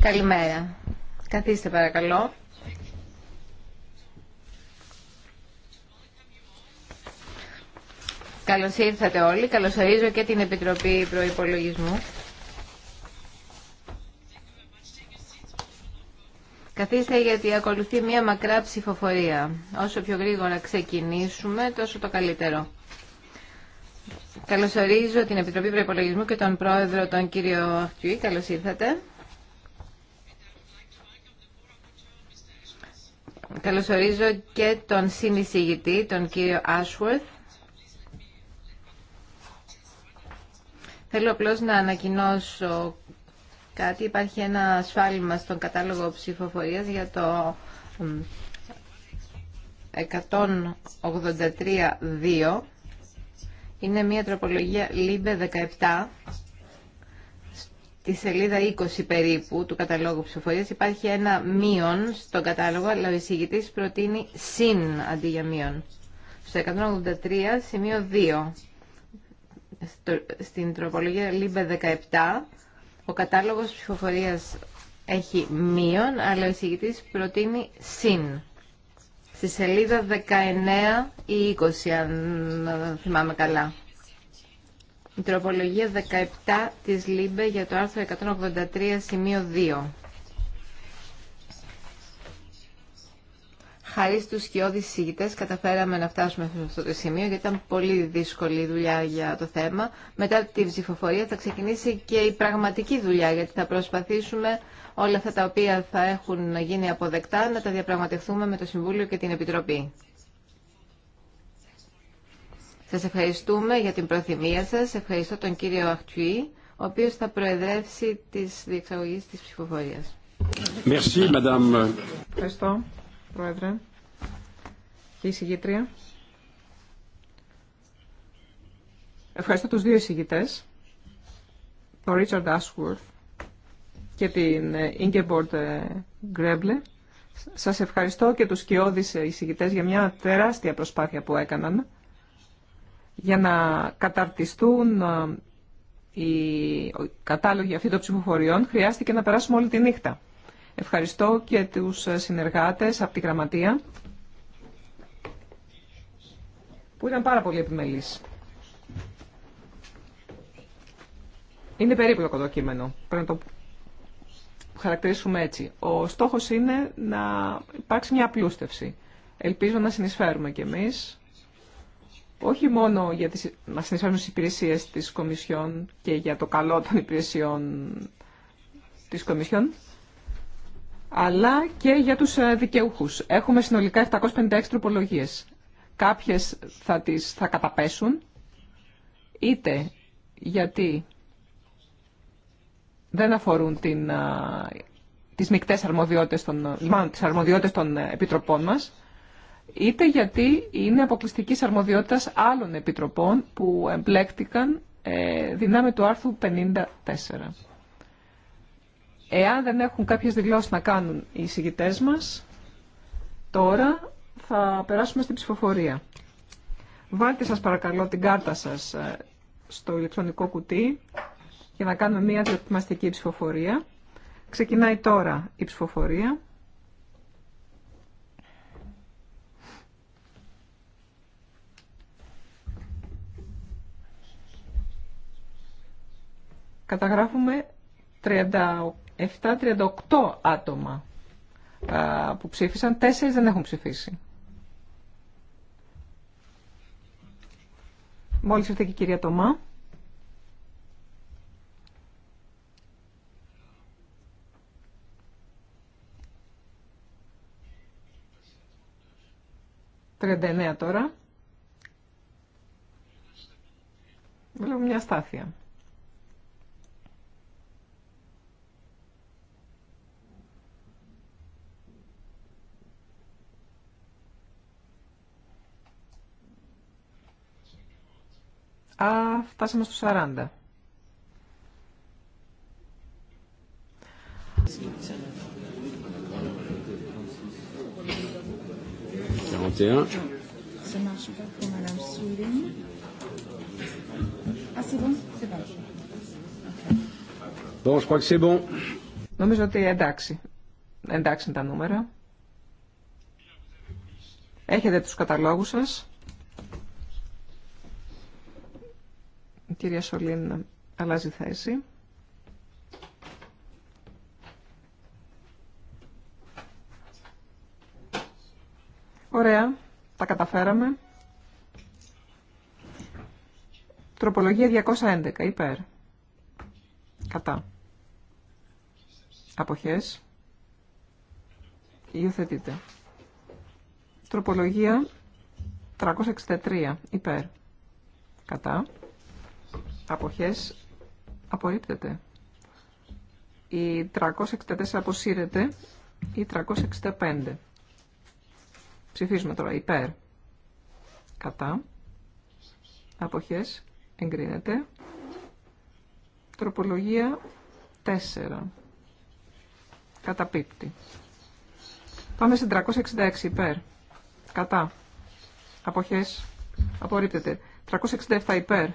Καλημέρα. Καθίστε παρακαλώ. Καλώς ήρθατε όλοι. Καλωσορίζω και την Επιτροπή Προϋπολογισμού. Καθίστε γιατί ακολουθεί μια μακρά ψηφοφορία. Όσο πιο γρήγορα ξεκινήσουμε, τόσο το καλύτερο. Καλωσορίζω την Επιτροπή Προπολογισμού και τον Πρόεδρο, τον κύριο Αχτιουή. Καλώς ήρθατε. Καλωσορίζω και τον συνεισηγητή, τον κύριο Ashworth. Θέλω απλώς να ανακοινώσω κάτι. Υπάρχει ένα ασφάλιμα στον κατάλογο ψηφοφορίας για το 183.2 είναι μια τροπολογία ΛΥΜΠΕ 17 στη σελίδα 20 περίπου του καταλόγου ψηφοφορίας υπάρχει ένα μείον στον κατάλογο, αλλά ο εισηγητής προτείνει συν αντί για μείον. Στο 183 σημείο 2, στην τροπολογία ΛΥΜΠΕ 17, ο κατάλογος ψηφοφορίας έχει μείον, αλλά ο εισηγητής προτείνει συν στη σελίδα 19 ή 20 αν θυμάμαι καλά. Η τροπολογία 17 της ΛΥΜΠΕ για το άρθρο 183 σημείο 2. Χάρη στους σκιώδεις συζητητές καταφέραμε να φτάσουμε σε αυτό το σημείο γιατί ήταν πολύ δύσκολη η δουλειά για το θέμα. Μετά τη ψηφοφορία θα ξεκινήσει και η πραγματική δουλειά γιατί θα προσπαθήσουμε όλα αυτά τα οποία θα έχουν γίνει αποδεκτά να τα διαπραγματευτούμε με το Συμβούλιο και την Επιτροπή. Σας ευχαριστούμε για την προθυμία σας. Ευχαριστώ τον κύριο Αχτουή, ο οποίος θα προεδρεύσει τη διεξαγωγή της ψηφοφορίας. Ευχαριστώ. Πρόεδρε και η Ευχαριστώ τους δύο εισηγητές, τον Ρίτσαρντ Ασχουρθ και την ε, Ingeborg ε, Γκρέμπλε. Σας ευχαριστώ και τους κοιόδης ε, εισηγητές για μια τεράστια προσπάθεια που έκαναν για να καταρτιστούν οι κατάλογοι αυτοί των ψηφοφοριών χρειάστηκε να περάσουμε όλη τη νύχτα. Ευχαριστώ και τους συνεργάτες από τη Γραμματεία που ήταν πάρα πολύ επιμελής. Είναι περίπλοκο το κείμενο. Πρέπει να το χαρακτηρίσουμε έτσι. Ο στόχος είναι να υπάρξει μια απλούστευση. Ελπίζω να συνεισφέρουμε κι εμείς, όχι μόνο για τις, να συνεισφέρουμε στις υπηρεσίες της Κομισιόν και για το καλό των υπηρεσιών της Κομισιόν, αλλά και για τους ε, δικαιούχους. Έχουμε συνολικά 756 τροπολογίες. Κάποιες θα, τις, θα καταπέσουν, είτε γιατί δεν αφορούν την, ε, τις μικτές αρμοδιότητες των, τις αρμοδιότητες των ε, επιτροπών μας, είτε γιατί είναι αποκλειστική αρμοδιότητας άλλων επιτροπών που εμπλέκτηκαν ε, δυνάμει του άρθρου 54. Εάν δεν έχουν κάποιες δηλώσεις να κάνουν οι εισηγητές μας, τώρα θα περάσουμε στην ψηφοφορία. Βάλτε σας παρακαλώ την κάρτα σας ε, στο ηλεκτρονικό κουτί για να κάνουμε μια διοκτημαστική ψηφοφορία. Ξεκινάει τώρα η ψηφοφορία. Καταγράφουμε 738 άτομα που ψήφισαν, 4 δεν έχουν ψηφίσει. Μόλις ήρθε και η κυρία Τωμά. 39 τώρα. Βλέπω μια στάθεια. Α, φτάσαμε στους 40. Ah, Νομίζω ότι εντάξει. Εντάξει τα νούμερα. Έχετε τους καταλόγους σας. κυρία Σολίν αλλάζει θέση. Ωραία, τα καταφέραμε. Τροπολογία 211, υπέρ. Κατά. Αποχές. Υιοθετείτε. Τροπολογία 363, υπέρ. Κατά αποχές απορρίπτεται. Η 364 αποσύρεται. Η 365. Ψηφίζουμε τώρα υπέρ. Κατά. Αποχές. Εγκρίνεται. Τροπολογία 4. Καταπίπτει. Πάμε στην 366 υπέρ. Κατά. Αποχές. Απορρίπτεται. 367 υπέρ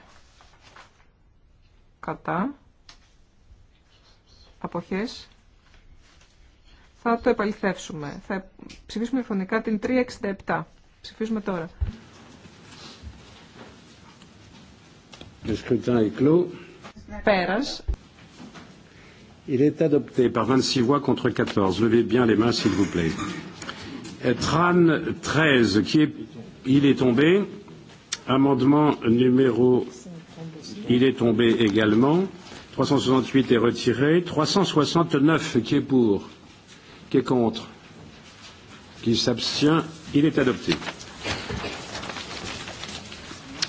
κατά, αποχές, θα το επαληθεύσουμε. Θα ψηφίσουμε φωνικά την 367. Ψηφίσουμε τώρα. Πέρας. Il est adopté par 26 voix contre 14. Levez bien les mains, s'il vous plaît. Tran 13, qui est... Il est tombé. Amendement numéro Il est tombé également. 368 est retiré. 369, qui est pour Qui est contre Qui s'abstient Il est adopté.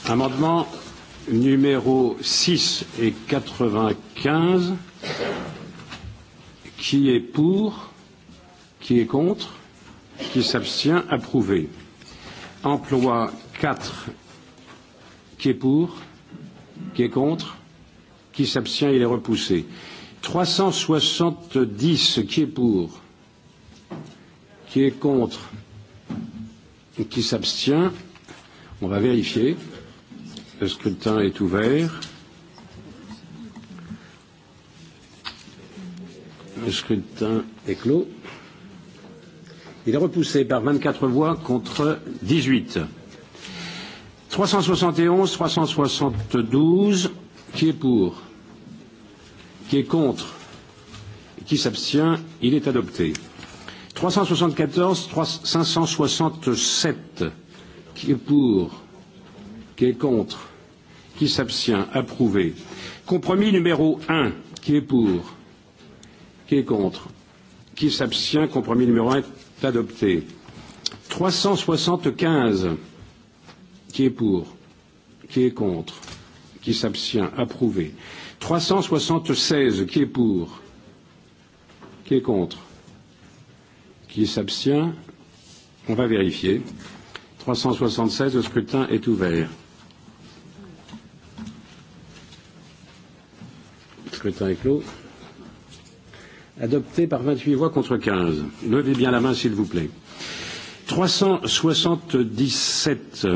Amendement numéro 6 et 95. Qui est pour Qui est contre Qui s'abstient Approuvé. Emploi 4. Qui est pour Qui est contre Qui s'abstient Il est repoussé. 370. Qui est pour Qui est contre Qui s'abstient On va vérifier. Le scrutin est ouvert. Le scrutin est clos. Il est repoussé par 24 voix contre 18. 371, 372, qui est pour Qui est contre Qui s'abstient Il est adopté. 374, 567, qui est pour Qui est contre Qui s'abstient Approuvé. Compromis numéro 1, qui est pour Qui est contre Qui s'abstient Compromis numéro 1 est adopté. 375 Qui est pour Qui est contre Qui s'abstient Approuvé. 376. Qui est pour Qui est contre Qui s'abstient On va vérifier. 376. Le scrutin est ouvert. Le scrutin est clos. Adopté par 28 voix contre 15. Levez bien la main, s'il vous plaît. 377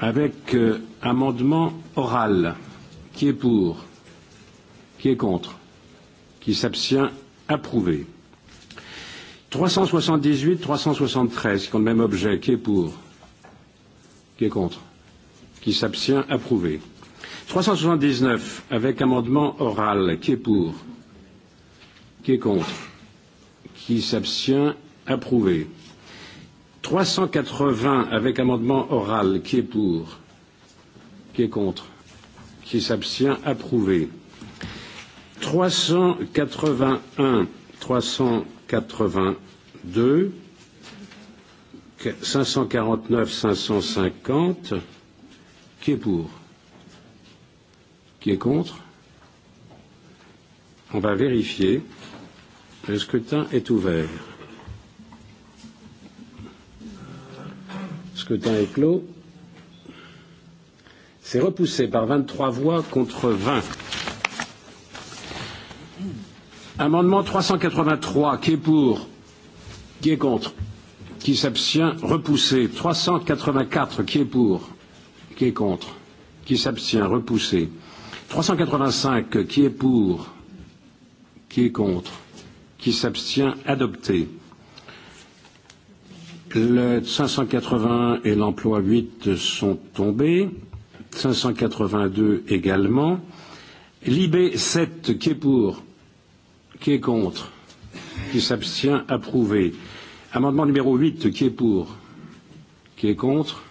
avec amendement oral. Qui est pour Qui est contre Qui s'abstient Approuvé. 378, 373, qui ont le même objet. Qui est pour Qui est contre Qui s'abstient Approuvé. 379, avec amendement oral. Qui est pour Qui est contre Qui s'abstient Approuvé. 380 avec amendement oral. Qui est pour Qui est contre Qui s'abstient Approuvé. 381, 382, 549, 550. Qui est pour Qui est contre On va vérifier. Le scrutin est ouvert. scrutin est clos. C'est repoussé par 23 voix contre 20. Amendement 383, qui est pour Qui est contre Qui s'abstient Repoussé. 384, qui est pour Qui est contre Qui s'abstient Repoussé. 385, qui est pour Qui est contre Qui s'abstient Adopté. Le 580 et l'emploi 8 sont tombés. 582 également. L'IB 7 qui est pour, qui est contre, qui s'abstient, approuvé. Amendement numéro 8 qui est pour, qui est contre,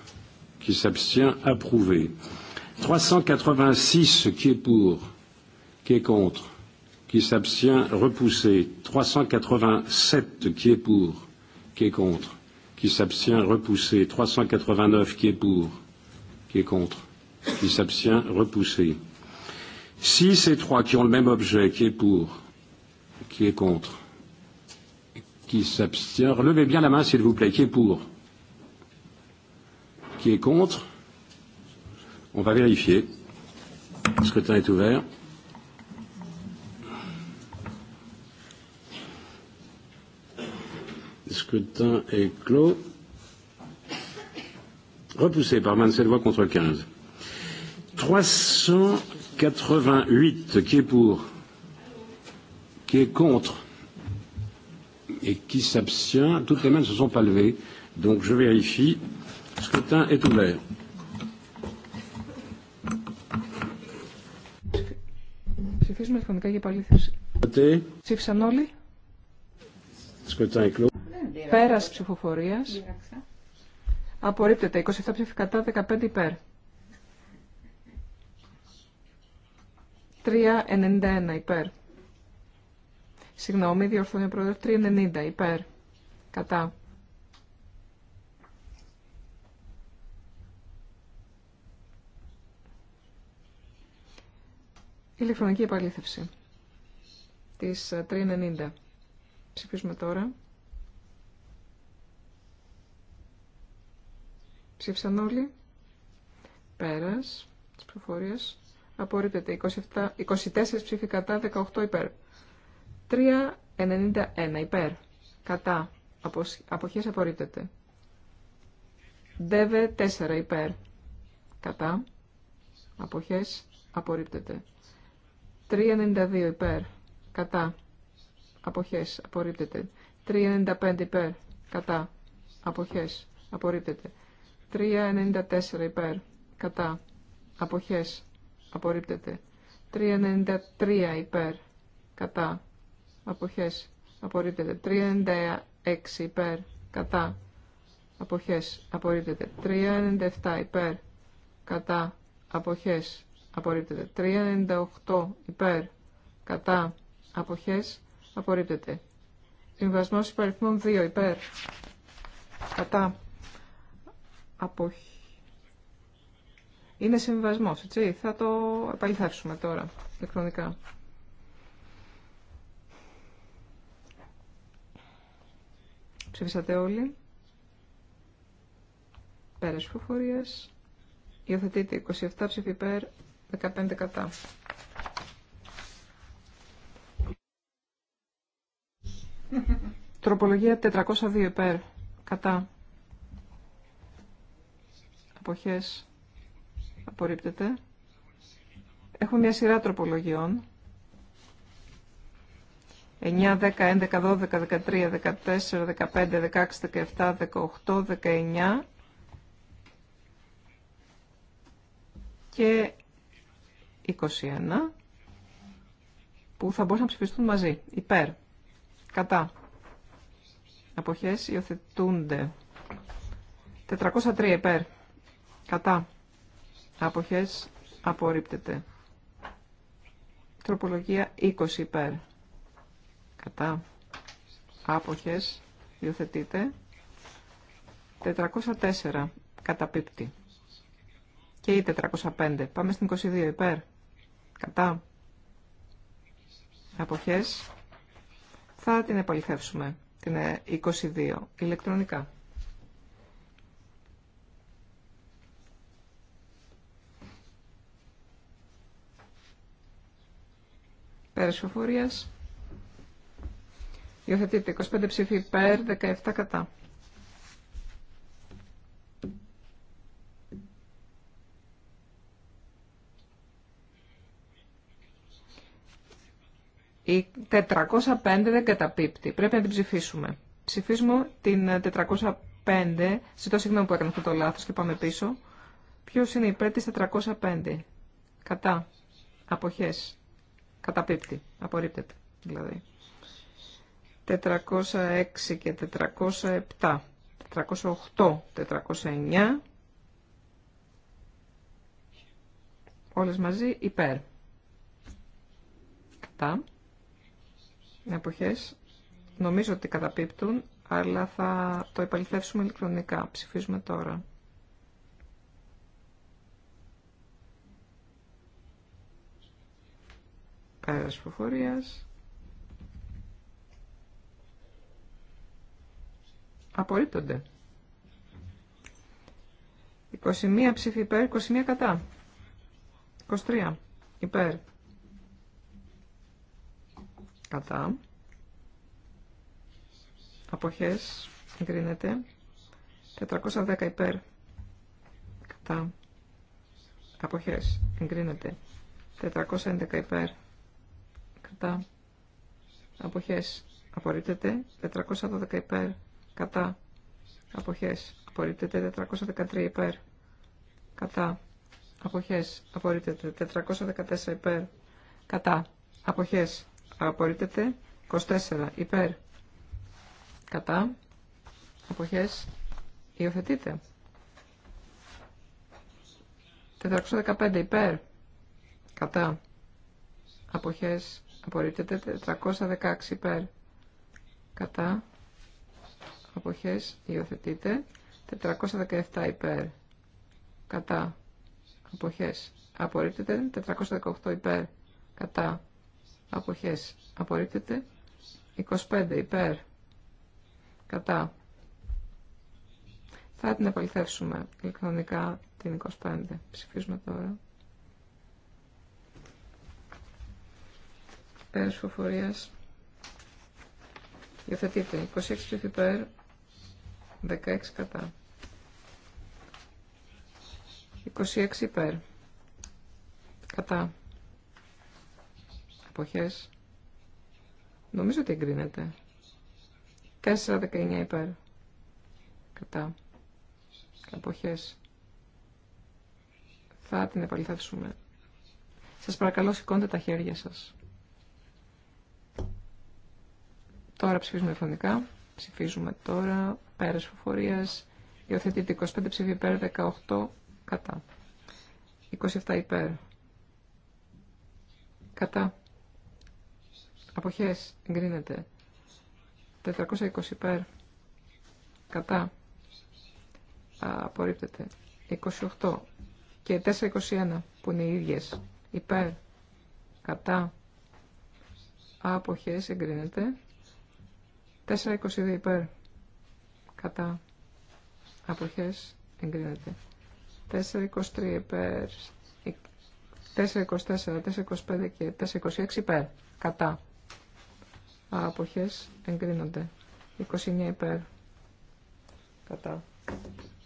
qui s'abstient, approuvé. 386 qui est pour, qui est contre, qui s'abstient, repoussé. 387 qui est pour, qui est contre qui s'abstient repoussé 389 qui est pour qui est contre qui s'abstient repoussé 6 et 3 qui ont le même objet qui est pour qui est contre qui s'abstient relevez bien la main s'il vous plaît qui est pour qui est contre on va vérifier le scrutin est ouvert Le scrutin est clos. Repoussé par 27 voix contre 15. 388. Qui est pour Qui est contre Et qui s'abstient Toutes les mains ne se sont pas levées. Donc je vérifie. Le scrutin est ouvert. Ψηφίζουμε ηλεκτρονικά για παλήθευση. Ψήφισαν όλοι. Σκοτάει εκλό. Πέρας ψηφοφορίας. Απορρίπτεται. 27 ψήφοι 15 υπέρ. 3,91 υπέρ. Συγγνώμη, διορθώνει ο πρόεδρος. 3,90 υπέρ. Κατά. Ηλεκτρονική επαλήθευση της 390. Ε, Ψηφίζουμε τώρα. Ψήφισαν όλοι. Πέρας τη προφορίας. Απορρίπτεται. 27, 24 ψήφοι κατά, 18 υπέρ. 3.91 υπέρ. Κατά. Αποχές απορρίπτεται. Δεβε 4 υπέρ. Κατά. Αποχές απορρίπτεται. 3.92 υπέρ. Κατά. Αποχές απορρίπτεται. 3.95 υπέρ. Κατά. Αποχές απορρίπτεται. 3.94 υπέρ. Κατά. Αποχές. Απορρίπτεται. 3.93 υπέρ. Κατά. Αποχές. Απορρίπτεται. 3.96 υπέρ. Κατά. Αποχές. Απορρίπτεται. 3.97 υπέρ. Κατά. Αποχές. Απορρίπτεται. 3.98 υπέρ. Κατά. Αποχές. Απορρίπτεται. Συμβασμός υπαριθμών 2 υπέρ. Κατά. Είναι συμβιβασμό, έτσι. Θα το επαληθεύσουμε τώρα ηλεκτρονικά. Ψήφισατε όλοι. Πέρας ψηφοφορίας. Υιοθετείτε 27 ψήφι υπέρ, 15 κατά. Τροπολογία 402 υπέρ, κατά αποχές απορρίπτεται. Έχουμε μια σειρά τροπολογιών. 9, 10, 11, 12, 13, 14, 15, 16, 17, 18, 19 και 21 που θα μπορούσαν να ψηφιστούν μαζί. Υπέρ. Κατά. Αποχές υιοθετούνται. 403 υπέρ. Κατά. Αποχές απορρίπτεται. Τροπολογία 20 υπέρ. Κατά. Άποχες υιοθετείται. 404 καταπίπτει. Και η 405. Πάμε στην 22 υπέρ. Κατά. Αποχές. Θα την επαληθεύσουμε. Την 22 ηλεκτρονικά. Πέρας ψηφοφορίας. Υιοθετείται 25 ψήφοι υπέρ, 17 κατά. Η 405 δεν καταπίπτει. Πρέπει να την ψηφίσουμε. Ψηφίσουμε την 405. Ζητώ συγγνώμη που έκανα αυτό το λάθος και πάμε πίσω. Ποιος είναι υπέρ της 405. Κατά. Αποχές. Καταπίπτει. Απορρίπτεται. Δηλαδή. 406 και 407. 408, 409. Όλες μαζί υπέρ. Κατά. Εποχές. Νομίζω ότι καταπίπτουν, αλλά θα το επαληθεύσουμε ηλεκτρονικά. Ψηφίζουμε τώρα. Πέρας Απορρίπτονται. 21 ψήφι υπέρ, 21 κατά. 23 υπέρ. Κατά. Αποχές εγκρίνεται. 410 υπέρ. Κατά. Αποχές εγκρίνεται. 411 υπέρ κατά αποχές απορρίπτεται 412 υπέρ κατά αποχές απορρίπτεται 413 υπέρ κατά αποχές απορρίπτεται 414 υπέρ κατά αποχές απορρίπτεται 24 υπέρ κατά αποχές υιοθετείται 415 υπέρ κατά αποχές Απορρίπτεται 416 υπέρ. Κατά. Αποχές. Υιοθετείται. 417 υπέρ. Κατά. Αποχές. Απορρίπτεται. 418 υπέρ. Κατά. Αποχές. Απορρίπτεται. 25 υπέρ. Κατά. Θα την επαληθεύσουμε ηλεκτρονικά την 25. Ψηφίζουμε τώρα. Πέρας φοφορία Υιοθετείτε. 26 ψήφι υπέρ, 16 κατά. 26 υπέρ. Κατά. Αποχές. Νομίζω ότι εγκρίνεται. 4-19 υπέρ. Κατά. Αποχές. Θα την επαληθεύσουμε. Σας παρακαλώ σηκώντε τα χέρια σας. Τώρα ψηφίζουμε ηλεκτρονικά. Ψηφίζουμε τώρα. Πέρας φοφορίας. Υιοθετείται 25 ψήφι υπέρ, 18 κατά. 27 υπέρ. Κατά. Αποχές. Εγκρίνεται. 420 υπέρ. Κατά. Απορρίπτεται. 28 και 421 που είναι οι ίδιες. Υπέρ. Κατά. Αποχές. Εγκρίνεται. 4.22 υπέρ. Κατά. Αποχές εγκρίνεται. 4.23 υπέρ. 4.24, 4.25 και 4.26 υπέρ. Κατά. Αποχές εγκρίνονται. 29 υπέρ. Κατά.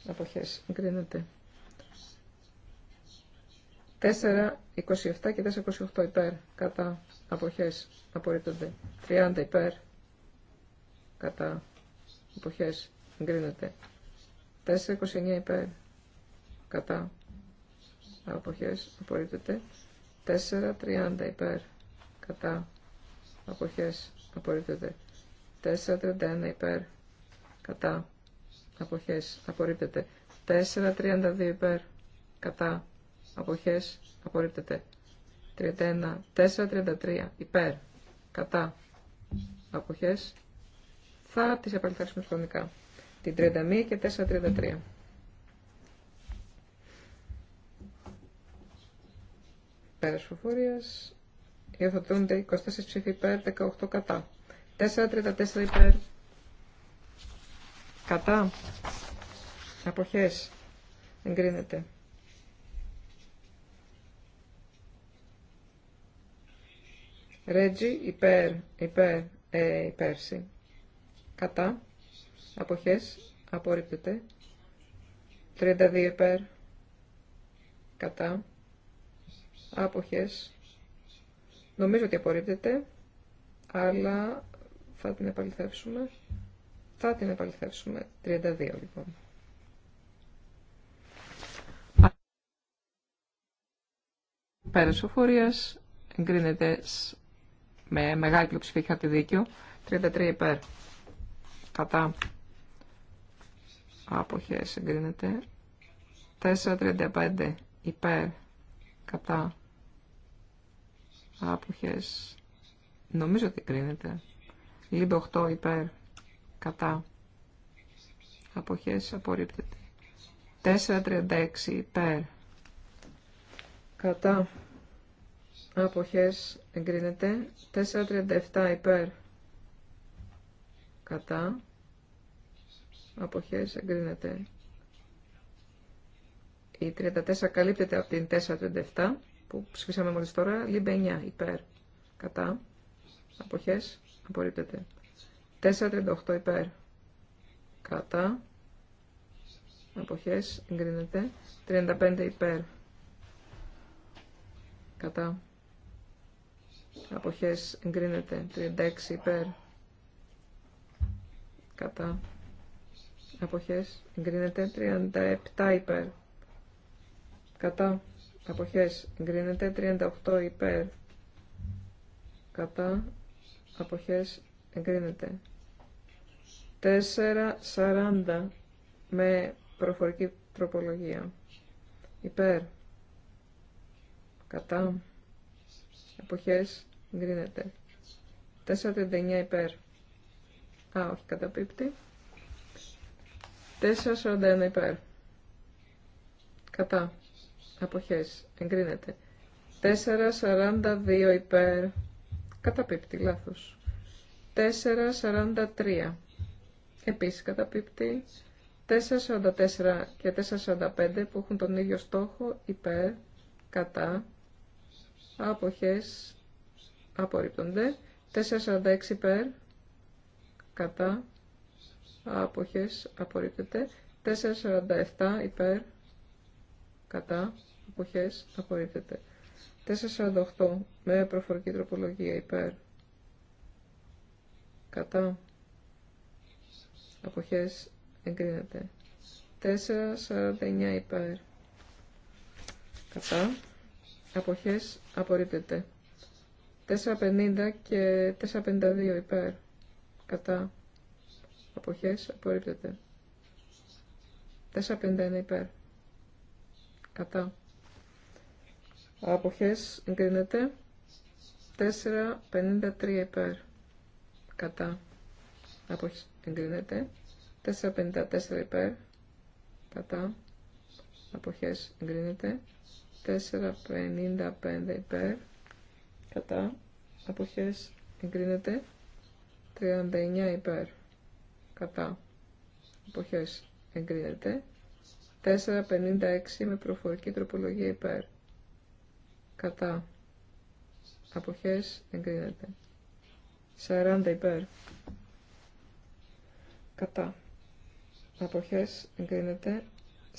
Αποχές εγκρίνεται. 427 και 428 υπέρ. Κατά. Αποχές απορρίπτονται. 30 υπέρ κατά εποχές εγκρίνεται 429 υπέρ κατά αποχές απορρίπτεται 430 υπέρ κατά αποχές απορρίπτεται 431 υπέρ κατά αποχές απορρίπτεται 432 υπέρ κατά αποχές απορρίπτεται 31 433 υπέρ κατά αποχές θα τις επαληθεύσουμε χρονικά. Την 31 και 433. Πέρας φοφορίας. Υιοθετούνται 24 ψήφοι υπέρ, 18 κατά. 4 4-34 υπέρ. Κατά. Αποχές. Εγκρίνεται. Ρέτζι υπέρ, υπέρ, ε, υπέρση κατά, αποχές, απορρίπτεται. 32 υπέρ, κατά, άποχες. Νομίζω ότι απορρίπτεται, αλλά θα την επαληθεύσουμε. Θα την επαληθεύσουμε. 32 λοιπόν. Πέρας οφορίας εγκρίνεται με μεγάλη πλειοψηφία είχατε 33 υπέρ κατά αποχε εγκρίνεται 4.35 υπέρ κατά άποχες νομίζω ότι εγκρίνεται λίμπε 8 υπέρ κατά αποχές απορρίπτεται 4.36 υπέρ κατά αποχές εγκρίνεται 4.37 υπέρ κατά αποχές εγκρίνεται. Η 34 καλύπτεται από την 437 που ψηφίσαμε μόλις τώρα. Λίμπε 9 υπέρ κατά αποχές απορρίπτεται. 438 υπέρ κατά αποχές εγκρίνεται. 35 υπέρ κατά αποχές εγκρίνεται. 36 υπέρ κατά αποχές εγκρίνεται 37 υπέρ κατά αποχές εγκρίνεται 38 υπέρ κατά αποχές εγκρίνεται 4.40 με προφορική τροπολογία υπέρ κατά αποχές εγκρίνεται 4.39 υπέρ Α, όχι, καταπίπτει. 4,41 υπέρ. Κατά. Αποχές. Εγκρίνεται. 4,42 υπέρ. Καταπίπτει, λάθος. 4,43. Επίσης καταπίπτει. 4,44 και 4,45 που έχουν τον ίδιο στόχο υπέρ, κατά, αποχές, απορρίπτονται. 4,46 υπέρ, κατά αποχές απορρίπτεται 447 υπέρ κατά αποχές απορρίπτεται 448 με προφορική τροπολογία υπέρ κατά αποχές εγκρίνεται 449 υπέρ κατά αποχές απορρίπτεται 450 και 452 υπέρ κατά αποχές απορρίπτεται 451 υπέρ κατά αποχές εγκρίνεται 453 υπέρ κατά αποχές εγκρίνεται 454 υπέρ κατά αποχές εγκρίνεται 455 υπέρ κατά αποχές εγκρίνεται 39 υπέρ. Κατά. Εποχές εγκρίνεται. 4.56 με προφορική τροπολογία υπέρ. Κατά. Αποχές εγκρίνεται. 40 υπέρ. Κατά. Αποχές εγκρίνεται.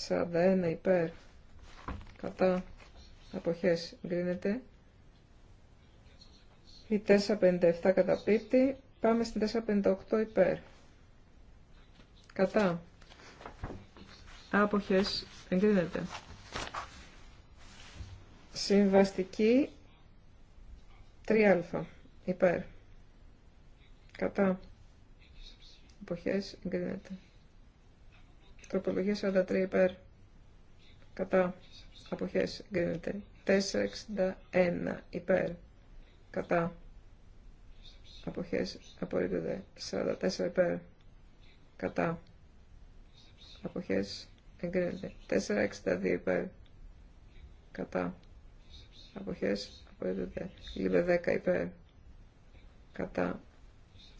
41 υπέρ. Κατά. Αποχές εγκρίνεται. Η 4.57 καταπίπτει. Πάμε στην 458 υπέρ. Κατά. Άποχες εγκρίνεται. Συμβαστική 3α υπέρ. Κατά. Αποχές εγκρίνεται. Τροπολογία 43 υπέρ. Κατά. Αποχές εγκρίνεται. 461 υπέρ. Κατά αποχές απορρίπτεται 44 υπέρ κατά αποχές εγκρίνεται 462 υπέρ κατά αποχές απορρίπτεται λίπε 10 υπέρ κατά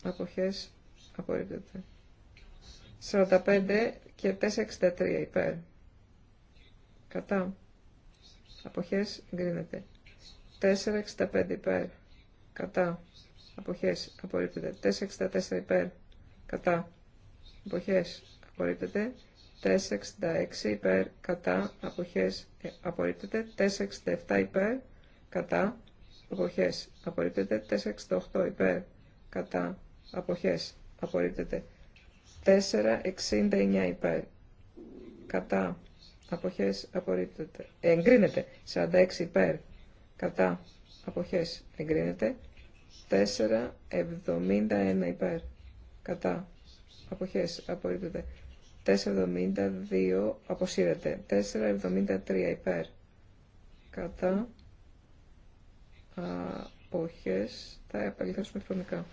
αποχές απορρίπτεται 45 και 463 υπέρ κατά αποχές εγκρίνεται 465 υπέρ κατά αποχές απορρίπτεται 464 υπέρ κατά αποχές απορρίπτεται 466 ε, υπέρ κατά αποχές απορρίπτεται 467 υπέρ κατά αποχές απορρίπτεται 468 υπέρ κατά αποχές απορρίπτεται 469 υπέρ κατά αποχές απορρίπτεται εγκρίνεται 46 υπέρ κατά αποχές εγκρίνεται 4,71 υπέρ. Κατά. Αποχές. Απορρίπτεται. 4,72 αποσύρεται. 4,73 υπέρ. Κατά. Αποχές. Θα επαγγελθώσουμε ηλεκτρονικά.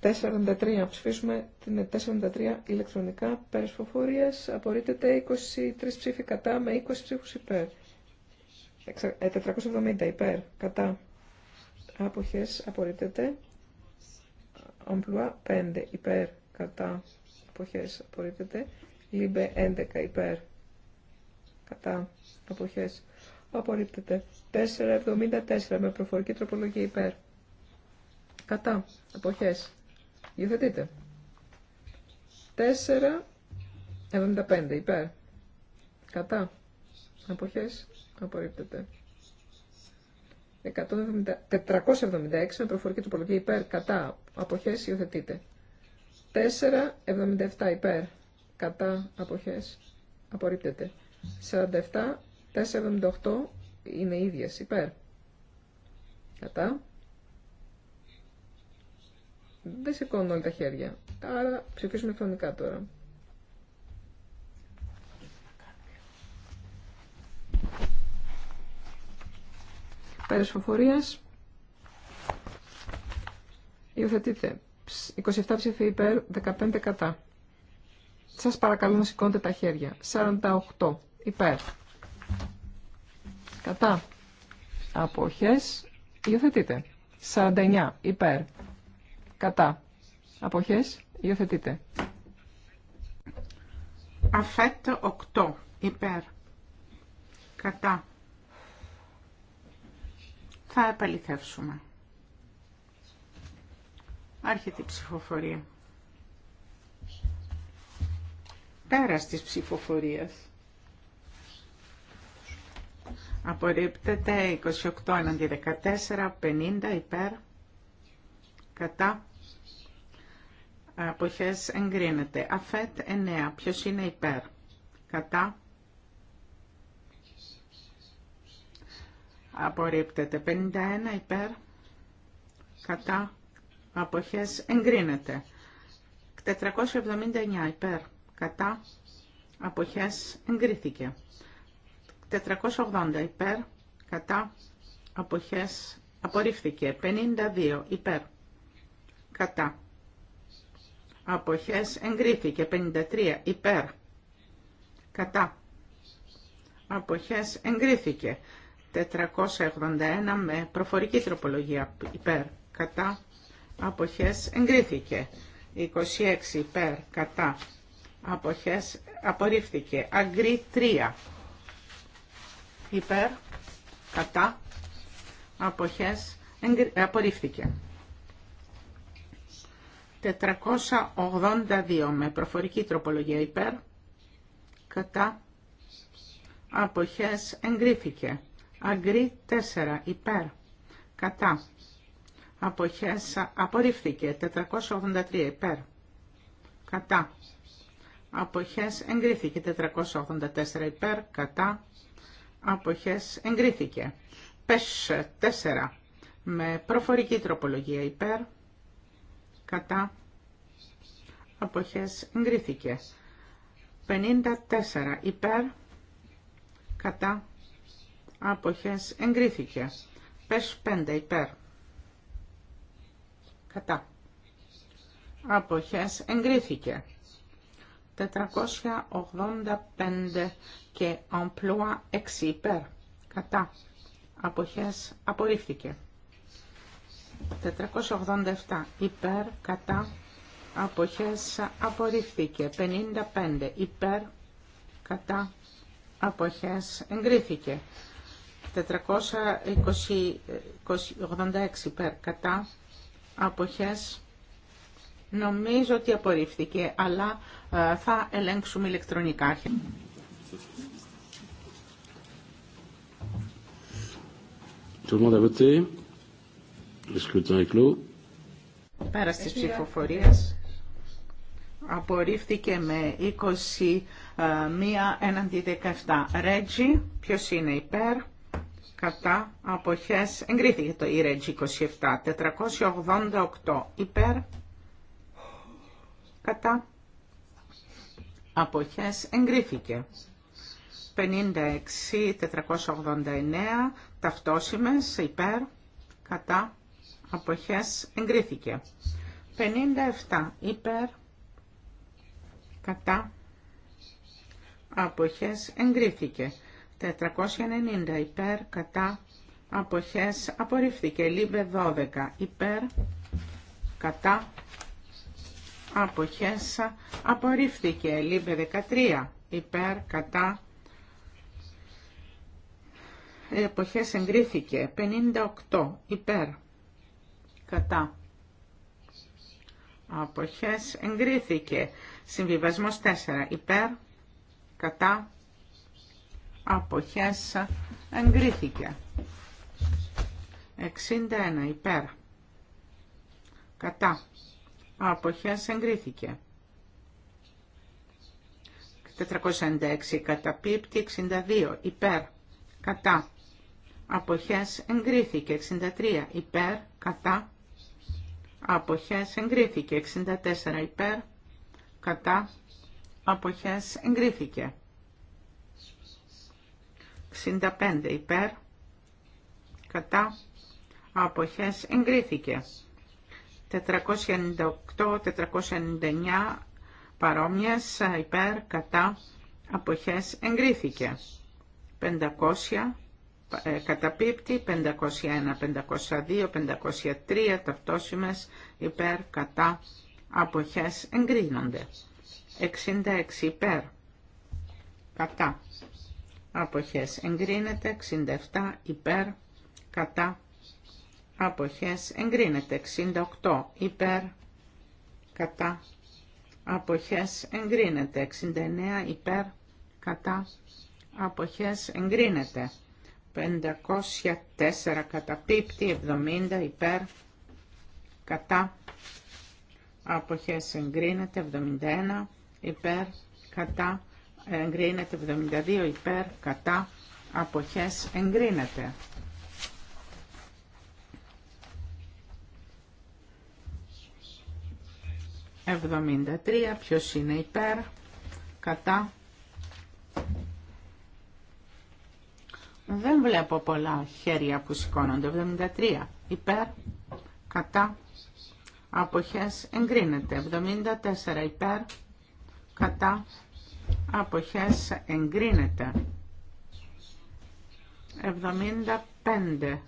Τέσσερα ψηφίσουμε την 473 ηλεκτρονικά περισφοφορίας απορρίπτεται. 23 ψήφοι κατά με 20 ψήφους υπέρ. 470 ε, υπέρ, κατά, αποχές απορρίπτεται. Ομπλουά 5 υπέρ, κατά, αποχές απορρίπτεται. Λίμπε 11 υπέρ, κατά, αποχές απορρίπτεται. 474 με προφορική τροπολογία υπέρ, κατά, αποχές, υιοθετείται. 475 υπέρ, κατά, αποχές Απορρίπτεται. 476 με προφορική τροπολογία υπέρ, κατά, αποχές, υιοθετείται. 477 υπέρ, κατά, αποχές, απορρίπτεται. 47, 478 είναι ίδιες, υπέρ. Κατά. Δεν σηκώνουν όλα τα χέρια. Άρα ψηφίσουμε χρονικά τώρα. Πέρας φοφορίας. Υιοθετείτε. 27 ψήφοι υπέρ, 15 κατά. Σας παρακαλώ να σηκώνετε τα χέρια. 48 υπέρ. Κατά. Αποχές. Υιοθετείτε. 49 υπέρ. Κατά. Αποχές. Υιοθετείτε. Αφέτ 8 υπέρ. Κατά θα επαληθεύσουμε. Άρχεται η ψηφοφορία. Πέρας της ψηφοφορίας. Απορρίπτεται 28 εναντί 14, 50 υπέρ, κατά, αποχές εγκρίνεται. Αφέτ 9, ποιος είναι υπέρ, κατά, απορρίπτεται. 51 υπέρ κατά αποχές εγκρίνεται. 479 υπέρ κατά αποχές εγκρίθηκε. 480 υπέρ κατά αποχές απορρίφθηκε. 52 υπέρ κατά αποχές εγκρίθηκε. 53 υπέρ κατά αποχές εγκρίθηκε. 481 με προφορική τροπολογία υπέρ κατά αποχές εγκρίθηκε. 26 υπέρ κατά αποχές απορρίφθηκε. Αγκρί 3 υπέρ κατά αποχές εγκρι... απορρίφθηκε. 482 με προφορική τροπολογία υπέρ κατά αποχές εγκρίθηκε. Αγκρί 4 υπέρ κατά αποχές απορρίφθηκε 483 υπέρ κατά αποχές εγκρίθηκε 484 υπέρ κατά αποχές εγκρίθηκε Πεσ 4 με προφορική τροπολογία υπέρ κατά αποχές εγκρίθηκε 54 υπέρ κατά Αποχές εγκρίθηκε. Πες πέντε υπέρ. Κατά. Αποχές εγκρίθηκε. 485 και ομπλούα 6 υπέρ. Κατά. Αποχές απορρίφθηκε. 487 υπέρ. Κατά. Αποχές απορρίφθηκε. 55 υπέρ. Κατά. Αποχές εγκρίθηκε. 486 υπέρ κατά αποχές νομίζω ότι απορρίφθηκε αλλά ε, θα ελέγξουμε ηλεκτρονικά Πέρα στις ψηφοφορίες απορρίφθηκε με 21 έναντι 17. Ρέτζι, ποιος είναι υπέρ κατά αποχές εγκρίθηκε το ΙΡΕΤΖ 27, 488 υπέρ, κατά αποχές εγκρίθηκε. 56, 489 ταυτόσιμες υπέρ, κατά αποχές εγκρίθηκε. 57 υπέρ, κατά αποχές εγκρίθηκε. 490 υπέρ κατά αποχές απορρίφθηκε. Λίμπε 12 υπέρ κατά αποχές απορρίφθηκε. Λίμπε 13 υπέρ κατά εποχές εγκρίθηκε. 58 υπέρ κατά αποχές εγκρίθηκε. Συμβιβασμός 4 υπέρ κατά Αποχέσα εγκρίθηκε. 61 υπέρ. Κατά. Αποχέ εγκρίθηκε. 496 καταπίπτει 62 υπέρ. Κατά. απόχέ εγκρίθηκε 63 υπέρ. Κατά. απόχέ εγκρίθηκε 64 υπέρ. Κατά. απόχέ εγκρίθηκε. 65 υπέρ, κατά, αποχές εγκρίθηκε. 498-499 παρόμοιες υπέρ, κατά, αποχές εγκρίθηκε. 500 ε, καταπίπτει, 501, 502, 503 ταυτόσιμες υπέρ, κατά, αποχές εγκρίνονται. 66 υπέρ, κατά, αποχές εγκρίνεται 67 υπέρ κατά αποχές εγκρίνεται 68 υπέρ κατά αποχές εγκρίνεται 69 υπέρ κατά αποχές εγκρίνεται 504 πίπτη 70 υπέρ κατά αποχές εγκρίνεται 71 υπέρ κατά εγκρίνεται 72 υπέρ κατά αποχές εγκρίνεται. 73, τρία, ποιος είναι υπέρ, κατά. Δεν βλέπω πολλά χέρια που σηκώνονται. 73 υπέρ, κατά, αποχές εγκρίνεται. 74 υπέρ, κατά, αποχές εγκρίνεται. 75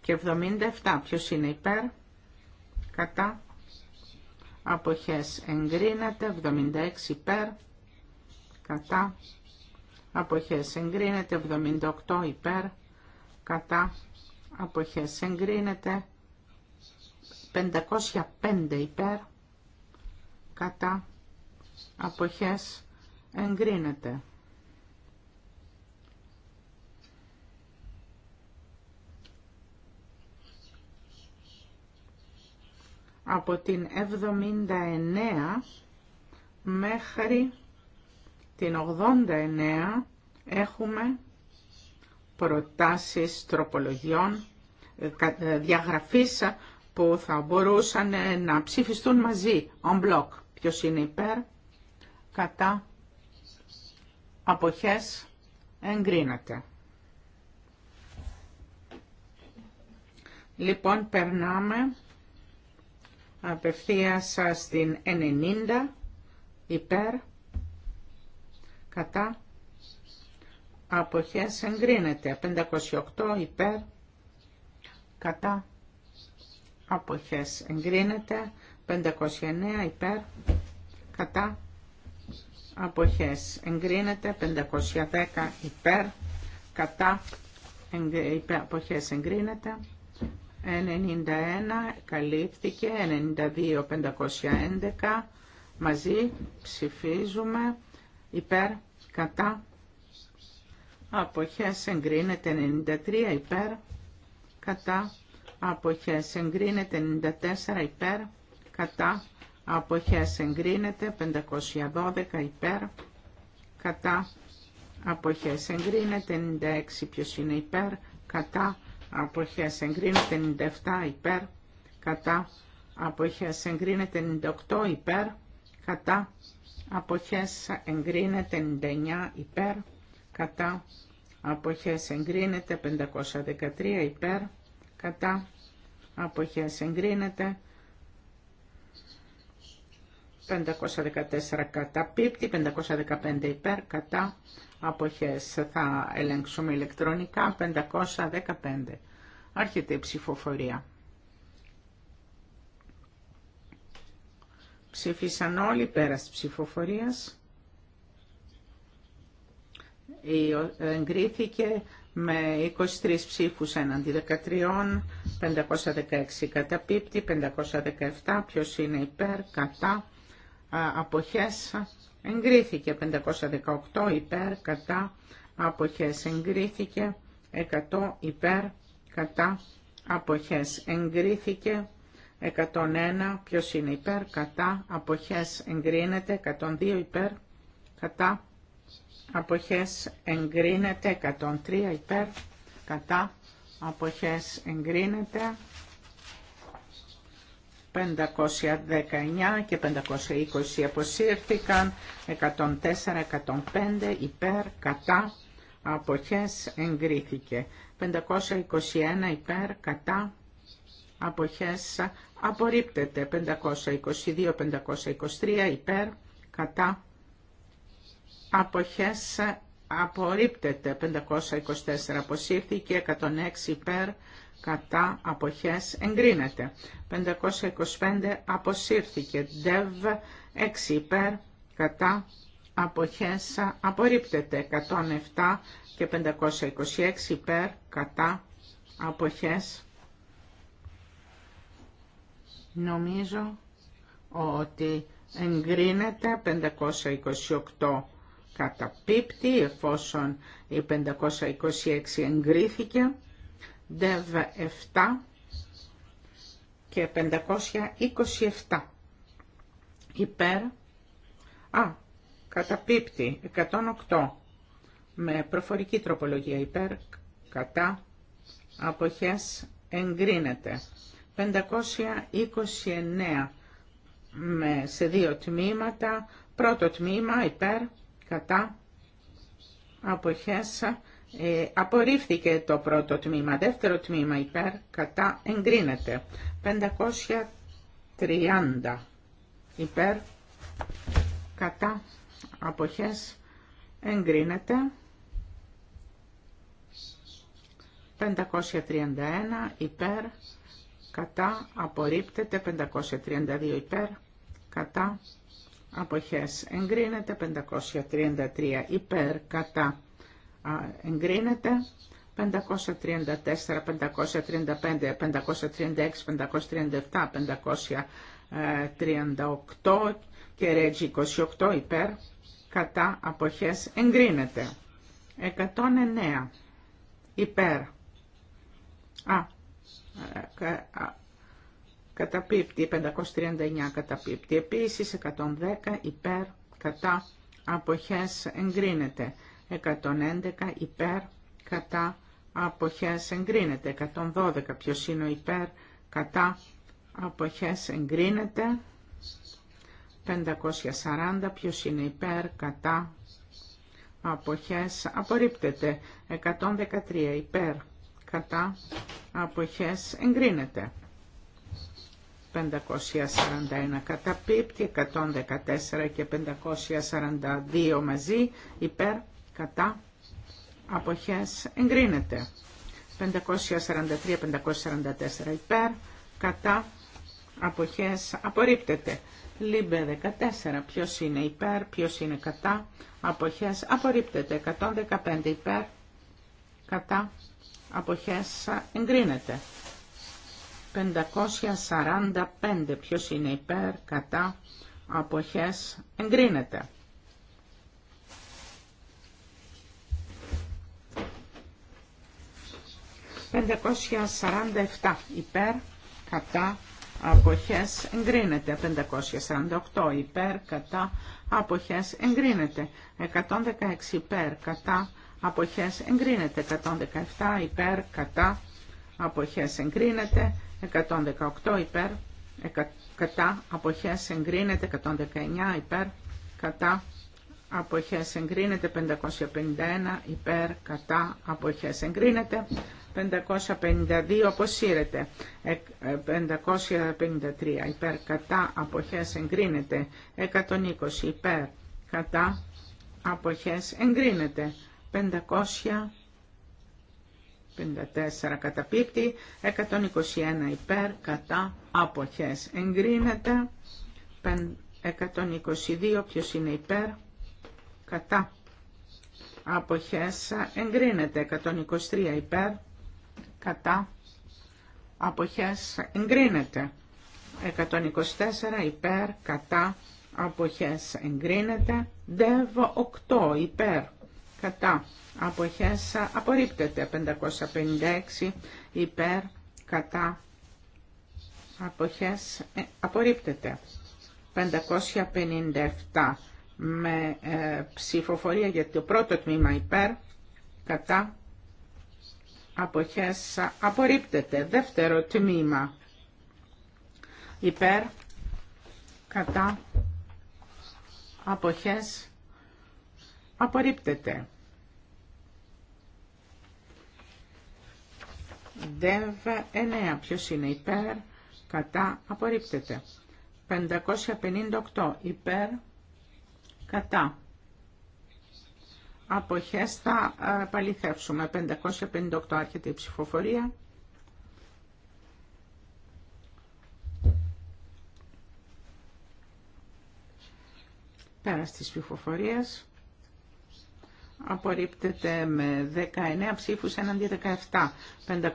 και 77. Ποιος είναι υπέρ, κατά, αποχές εγκρίνεται. 76 υπέρ, κατά, αποχές εγκρίνεται. 78 υπέρ, κατά, αποχές εγκρίνεται. 505 υπέρ, κατά, αποχές εγκρίνεται. Από την 79 μέχρι την 89 έχουμε προτάσεις τροπολογιών ε, ε, διαγραφής που θα μπορούσαν ε, να ψηφιστούν μαζί, on block. Ποιος είναι υπέρ, κατά, αποχές εγκρίνεται. Λοιπόν, περνάμε απευθείας στην 90, υπέρ, κατά, αποχές εγκρίνεται. 508 υπέρ, κατά, αποχές εγκρίνεται. 509 υπέρ, κατά, αποχές εγκρίνεται 510 υπέρ κατά αποχές εγκρίνεται 91 καλύφθηκε 92 511 μαζί ψηφίζουμε υπέρ κατά αποχές εγκρίνεται 93 υπέρ κατά αποχές εγκρίνεται 94 υπέρ κατά αποχές εγκρίνεται 512 υπέρ κατά αποχές εγκρίνεται 96 ποιος είναι υπέρ κατά αποχές εγκρίνεται 97 υπέρ κατά αποχές εγκρίνεται 98 υπέρ κατά αποχές εγκρίνεται 99 υπέρ κατά αποχές εγκρίνεται 513 υπέρ κατά αποχές εγκρίνεται 514 κατά πίπτη, 515 υπέρ κατά αποχές. Θα ελέγξουμε ηλεκτρονικά 515. Άρχεται η ψηφοφορία. Ψήφισαν όλοι πέρα της ψηφοφορίας. Εγκρίθηκε με 23 ψήφους έναντι 13, 516 κατά 517 ποιος είναι υπέρ, κατά αποχές εγκρίθηκε 518 υπέρ κατά αποχές εγκρίθηκε 100 υπέρ κατά αποχές εγκρίθηκε 101 ποιος είναι υπέρ κατά αποχές εγκρίνεται 102 υπέρ κατά αποχές εγκρίνεται 103 υπέρ κατά αποχές εγκρίνεται 519 και 520 αποσύρθηκαν, 104, 105 υπέρ, κατά, αποχές εγκρίθηκε. 521 υπέρ, κατά, αποχές απορρίπτεται. 522, 523 υπέρ, κατά, αποχές απορρίπτεται. 524 αποσύρθηκε, 106 υπέρ, κατά αποχές εγκρίνεται. 525 αποσύρθηκε. ΔΕΒ 6 υπέρ κατά αποχές απορρίπτεται. 107 και 526 υπέρ κατά αποχές. Νομίζω ότι εγκρίνεται 528 καταπίπτει εφόσον η 526 εγκρίθηκε. ΔΕΒ 7 και 527 υπέρ α, καταπίπτει 108 με προφορική τροπολογία υπέρ κατά αποχές εγκρίνεται 529 με, σε δύο τμήματα πρώτο τμήμα υπέρ κατά αποχές ε, απορρίφθηκε το πρώτο τμήμα. Δεύτερο τμήμα υπέρ, κατά, εγκρίνεται. 530 υπέρ, κατά, αποχές, εγκρίνεται. 531 υπέρ, κατά, απορρίπτεται. 532 υπέρ, κατά, αποχές, εγκρίνεται. 533 υπέρ, κατά, εγκρίνεται. 534, 535, 536, 537, 538 και Ρέτζι 28 υπέρ κατά αποχές εγκρίνεται. 109 υπέρ. Α, ε, καταπίπτει 539 καταπίπτει. Επίσης 110 υπέρ κατά αποχές εγκρίνεται. 111 υπέρ κατά αποχές εγκρίνεται. 112 ποιος είναι ο υπέρ κατά αποχές εγκρίνεται. 540 ποιος είναι υπέρ κατά αποχές απορρίπτεται. 113 υπέρ κατά αποχές εγκρίνεται. 541 καταπίπτει, 114 και 542 μαζί, υπέρ, κατά αποχές εγκρίνεται. 543-544 υπέρ, κατά αποχές απορρίπτεται. Λίμπε 14, ποιος είναι υπέρ, ποιος είναι κατά, αποχές απορρίπτεται. 115 υπέρ, κατά αποχές εγκρίνεται. 545, ποιος είναι υπέρ, κατά αποχές εγκρίνεται. 547 υπέρ, κατά, αποχές εγκρίνεται. 548 υπέρ, κατά, αποχές εγκρίνεται. 116 υπέρ, κατά, αποχές εγκρίνεται. 117 υπέρ, κατά, αποχές εγκρίνεται. 118 υπέρ, κατά, αποχές εγκρίνεται. 119 υπέρ, κατά, αποχές εγκρίνεται. 551 υπέρ, κατά, αποχές εγκρίνεται. 552 αποσύρεται. 553 υπέρ κατά αποχές εγκρίνεται. 120 υπέρ κατά αποχές εγκρίνεται. 554 καταπίπτει. 121 υπέρ κατά αποχές εγκρίνεται. 122 ποιος είναι υπέρ κατά αποχές εγκρίνεται 123 υπέρ κατά αποχές εγκρίνεται. 124 υπέρ κατά αποχές εγκρίνεται. Δεύ 8 υπέρ κατά αποχές απορρίπτεται. 556 υπέρ κατά αποχές ε, απορρίπτεται. 557 με ε, ψηφοφορία για το πρώτο τμήμα υπέρ κατά αποχές απορρίπτεται. Δεύτερο τμήμα υπέρ κατά αποχές απορρίπτεται. ΔΕΒ Εννέα. Ποιος είναι υπέρ, κατά, απορρίπτεται. 558. Υπέρ, κατά, αποχές θα ε, παληθεύσουμε. 558 άρχεται η ψηφοφορία. Πέρας της ψηφοφορίας απορρίπτεται με 19 ψήφους έναντι 17. 560-559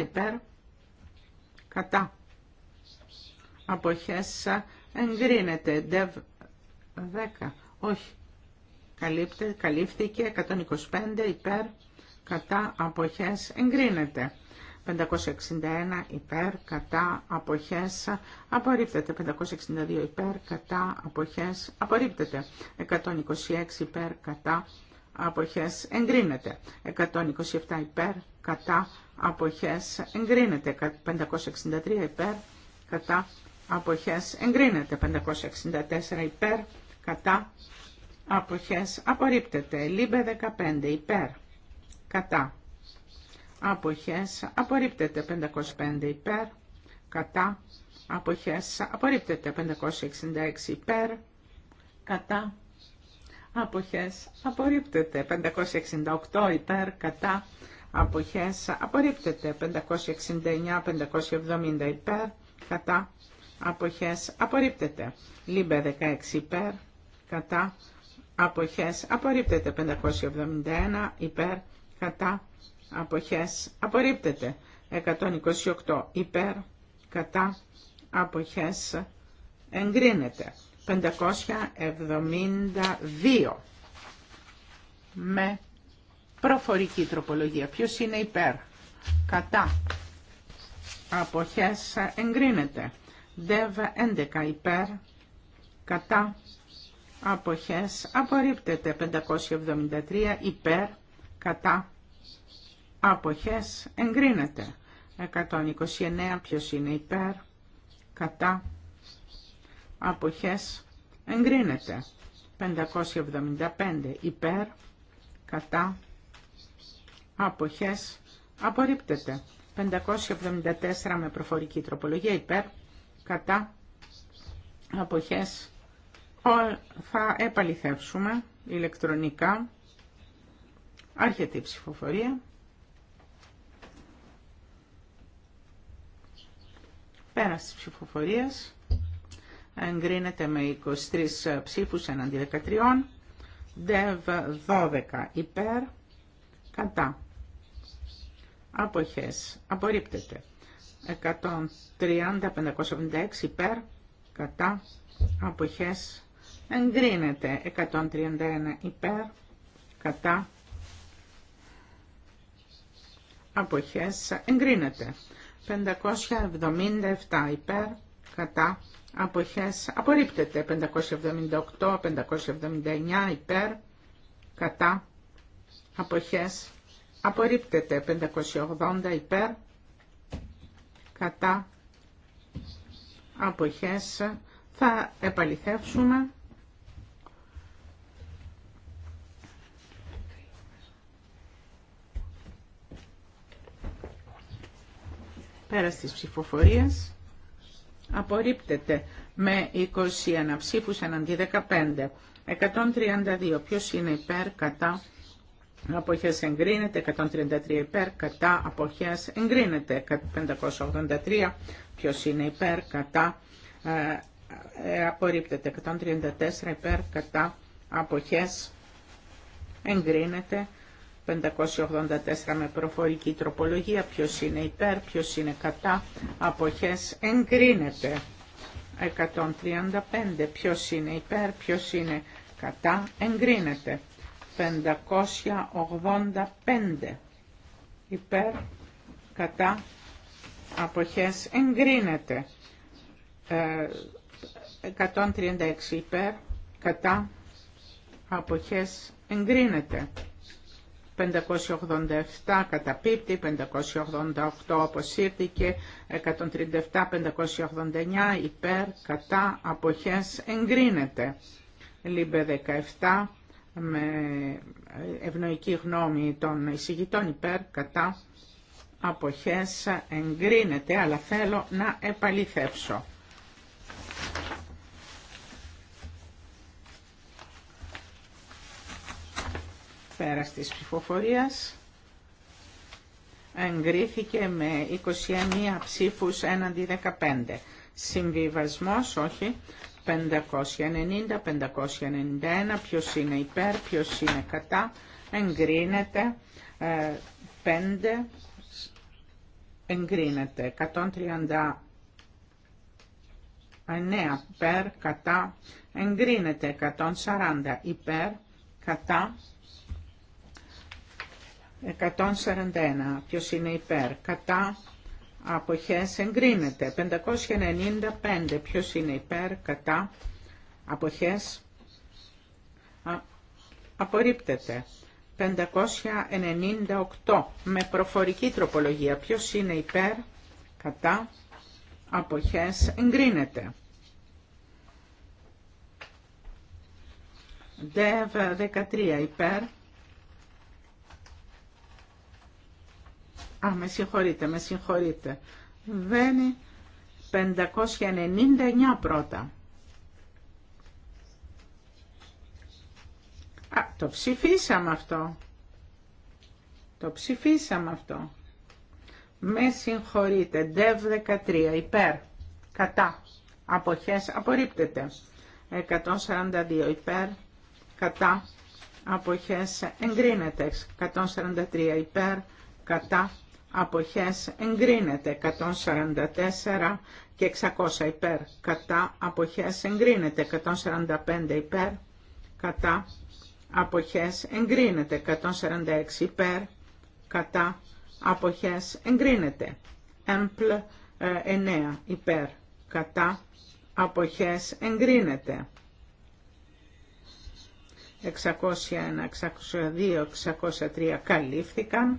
υπέρ. Κατά. Αποχές ε, εγκρίνεται. Ε, Δευ 10. Όχι καλύφθηκε 125 υπέρ κατά αποχές εγκρίνεται. 561 υπέρ κατά αποχές απορρίπτεται. 562 υπέρ κατά αποχές απορρίπτεται. 126 υπέρ κατά αποχές εγκρίνεται. 127 υπέρ κατά αποχές εγκρίνεται. 563 υπέρ κατά αποχές εγκρίνεται. 564 υπέρ κατά Αποχές απορρίπτεται. Λίμπε 15 υπέρ. Κατά. Αποχές απορρίπτεται 505 υπέρ. Κατά. Αποχές απορρίπτεται 566 υπέρ. Κατά. Αποχές απορρίπτεται 568 υπέρ. Κατά. Αποχές απορρίπτεται 569-570 υπέρ. Κατά. Αποχές απορρίπτεται. Λίμπε 16 υπέρ. Κατά αποχές απορρίπτεται 571 υπέρ κατά αποχές απορρίπτεται 128 υπέρ κατά αποχές εγκρίνεται 572 με προφορική τροπολογία. Ποιος είναι υπέρ, κατά, αποχές εγκρίνεται. ΔΕΒ 11 υπέρ, κατά, αποχές απορρίπτεται 573 υπέρ κατά αποχές εγκρίνεται 129 ποιος είναι υπέρ κατά αποχές εγκρίνεται 575 υπέρ κατά αποχές απορρίπτεται 574 με προφορική τροπολογία υπέρ κατά αποχές θα επαληθεύσουμε ηλεκτρονικά. Άρχεται ψηφοφορία. Πέρας της ψηφοφορίας εγκρίνεται με 23 ψήφους εναντί 13, ΔΕΒ 12 υπέρ, κατά. Αποχές, απορρίπτεται. 130-576 υπέρ, κατά. Αποχές, εγκρίνεται 131 υπέρ, κατά, αποχές, εγκρίνεται 577 υπέρ, κατά, αποχές, απορρίπτεται 578, 579 υπέρ, κατά, αποχές, απορρίπτεται 580 υπέρ, κατά, αποχές, θα επαληθεύσουμε Πέρας της ψηφοφορίας απορρίπτεται με 21 ψήφους εναντί 15. 132. Ποιος είναι υπέρ, κατά, αποχές εγκρίνεται. 133 υπέρ, κατά, αποχές εγκρίνεται. 583. Ποιος είναι υπέρ, κατά, ε, ε απορρίπτεται. 134 υπέρ, κατά, αποχές εγκρίνεται. 584 με προφορική τροπολογία. Ποιος είναι υπέρ, ποιος είναι κατά. Αποχές εγκρίνεται. 135. Ποιος είναι υπέρ, ποιος είναι κατά. Εγκρίνεται. 585. Υπέρ, κατά. Αποχές εγκρίνεται. 136 ε, υπέρ, κατά. Αποχές εγκρίνεται. 587 καταπίπτει, 588 αποσύρθηκε, 137, 589 υπέρ, κατά, αποχές, εγκρίνεται. Λίμπε 17 με ευνοϊκή γνώμη των εισηγητών υπέρ, κατά, αποχές, εγκρίνεται, αλλά θέλω να επαληθεύσω. πέρας της ψηφοφορία. εγκρίθηκε με 21 ψήφους έναντι 15. Συμβιβασμός, όχι, 590, 591, ποιος είναι υπέρ, ποιος είναι κατά, εγκρίνεται, 5, ε, εγκρίνεται, 139 ναι, υπέρ, κατά, εγκρίνεται, 140 υπέρ, κατά, 141. Ποιος είναι υπέρ. Κατά αποχές εγκρίνεται. 595. Ποιος είναι υπέρ. Κατά αποχές απορρίπτεται. 598. Με προφορική τροπολογία. Ποιος είναι υπέρ. Κατά αποχές εγκρίνεται. ΔΕΒ 13 υπέρ Α, με συγχωρείτε, με συγχωρείτε. Βαίνει 599 πρώτα. Α, το ψηφίσαμε αυτό. Το ψηφίσαμε αυτό. Με συγχωρείτε. ΔΕΒ 13. Υπέρ. Κατά. Αποχές. Απορρίπτεται. 142. Υπέρ. Κατά. Αποχές. Εγκρίνεται. 143. Υπέρ. Κατά αποχές εγκρίνεται 144 και 600 υπέρ κατά αποχές εγκρίνεται 145 υπέρ κατά αποχές εγκρίνεται 146 υπέρ κατά αποχές εγκρίνεται έμπλ 9 ε, υπέρ κατά αποχές εγκρίνεται 601, 602, 603 καλύφθηκαν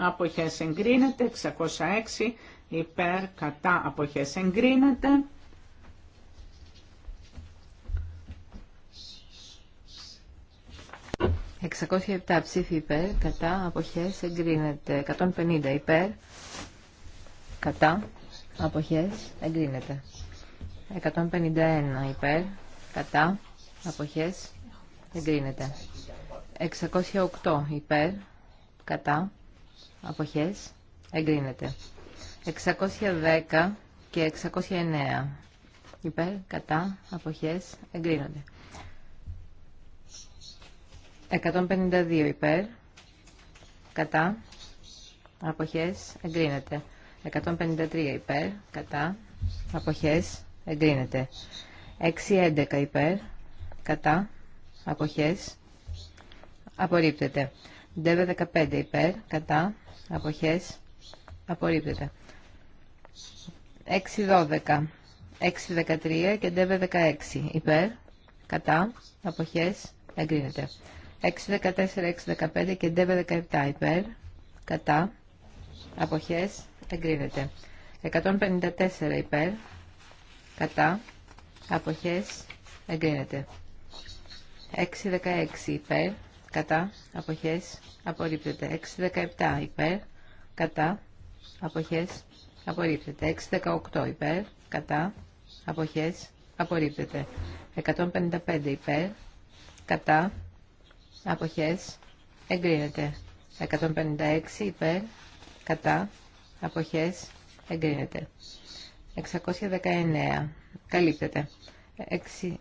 αποχές εγκρίνεται, 606 υπέρ κατά αποχές εγκρίνεται. 607 ψήφοι υπέρ, κατά, αποχές, εγκρίνεται. 150 υπέρ, κατά, αποχές, εγκρίνεται. 151 υπέρ, κατά, αποχές, εγκρίνεται. 608 υπέρ, κατά, αποχές εγκρίνεται 610 και 609 υπέρ κατά αποχές εγκρίνονται 152 υπέρ κατά αποχές εγκρίνεται 153 υπέρ κατά αποχές εγκρίνεται 611 υπέρ κατά αποχές απορρίπτεται Δεύε 15 υπέρ, κατά, αποχές, απορρίπτεται. 6-12, 6-13 και Δεύε 16 υπέρ, κατά, αποχές, εγκρίνεται. 6-14, 6-15 και Δεύε 17 υπέρ, κατά, αποχές, εγκρίνεται. 154 υπέρ, κατά, αποχές, εγκρίνεται. 6-16 υπέρ, κατά, αποχές, απορρίπτεται. 6.17 υπέρ, κατά, αποχές, απορρίπτεται. 6.18 υπέρ, κατά, αποχές, απορρίπτεται. 155 υπέρ, κατά, αποχές, εγκρίνεται. 156 υπέρ, κατά, αποχές, εγκρίνεται. 619, καλύπτεται. 6.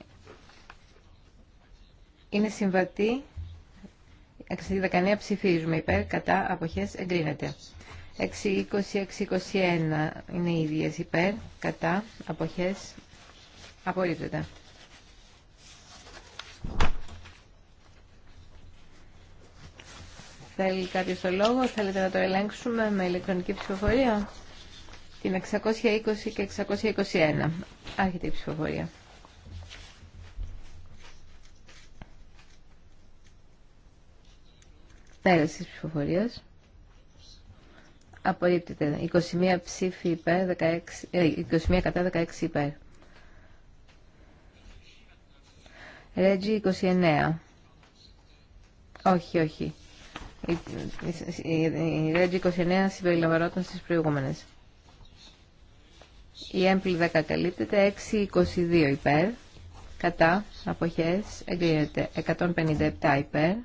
Είναι συμβατή 619 ψηφίζουμε υπέρ, κατά, αποχές, εγκρίνεται. 620, 621 είναι οι ίδιες υπέρ, κατά, αποχές, απορρίπτεται. Θέλει κάποιο το λόγο, θέλετε να το ελέγξουμε με ηλεκτρονική ψηφοφορία. Την 620 και 621. Άρχεται η ψηφοφορία. Πέρας της ψηφοφορίας. Απορρίπτεται. 21 ψήφοι υπέρ, 16, 21 ε, κατά 16 υπέρ. Ρέτζι 29. Όχι, όχι. Η Ρέτζι 29 συμπεριλαμβανόταν στις προηγούμενες. Η έμπλη 10 καλύπτεται 6-22 υπέρ. Κατά αποχές εγκλίνεται 157 υπέρ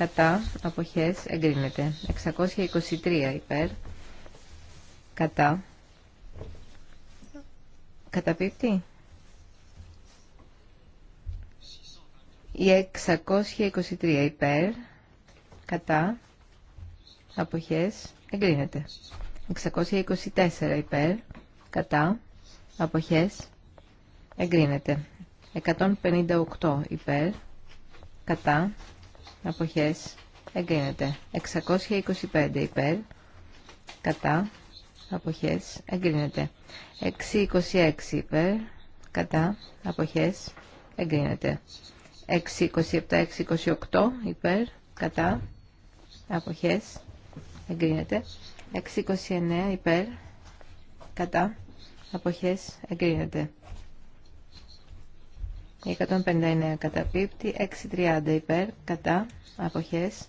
κατά αποχές εγκρίνεται 623 υπέρ κατά καταπίπτει η 623 υπέρ κατά αποχές εγκρίνεται 624 υπέρ κατά αποχές εγκρίνεται 158 υπέρ κατά αποχές εγκρίνεται 625 υπέρ κατά αποχές εγκρίνεται 626 υπέρ κατά αποχές εγκρίνεται 627-628 υπέρ κατά αποχές εγκρίνεται 629 υπέρ κατά αποχές εγκρίνεται 159 καταπίπτει, 630 υπέρ, κατά, αποχές,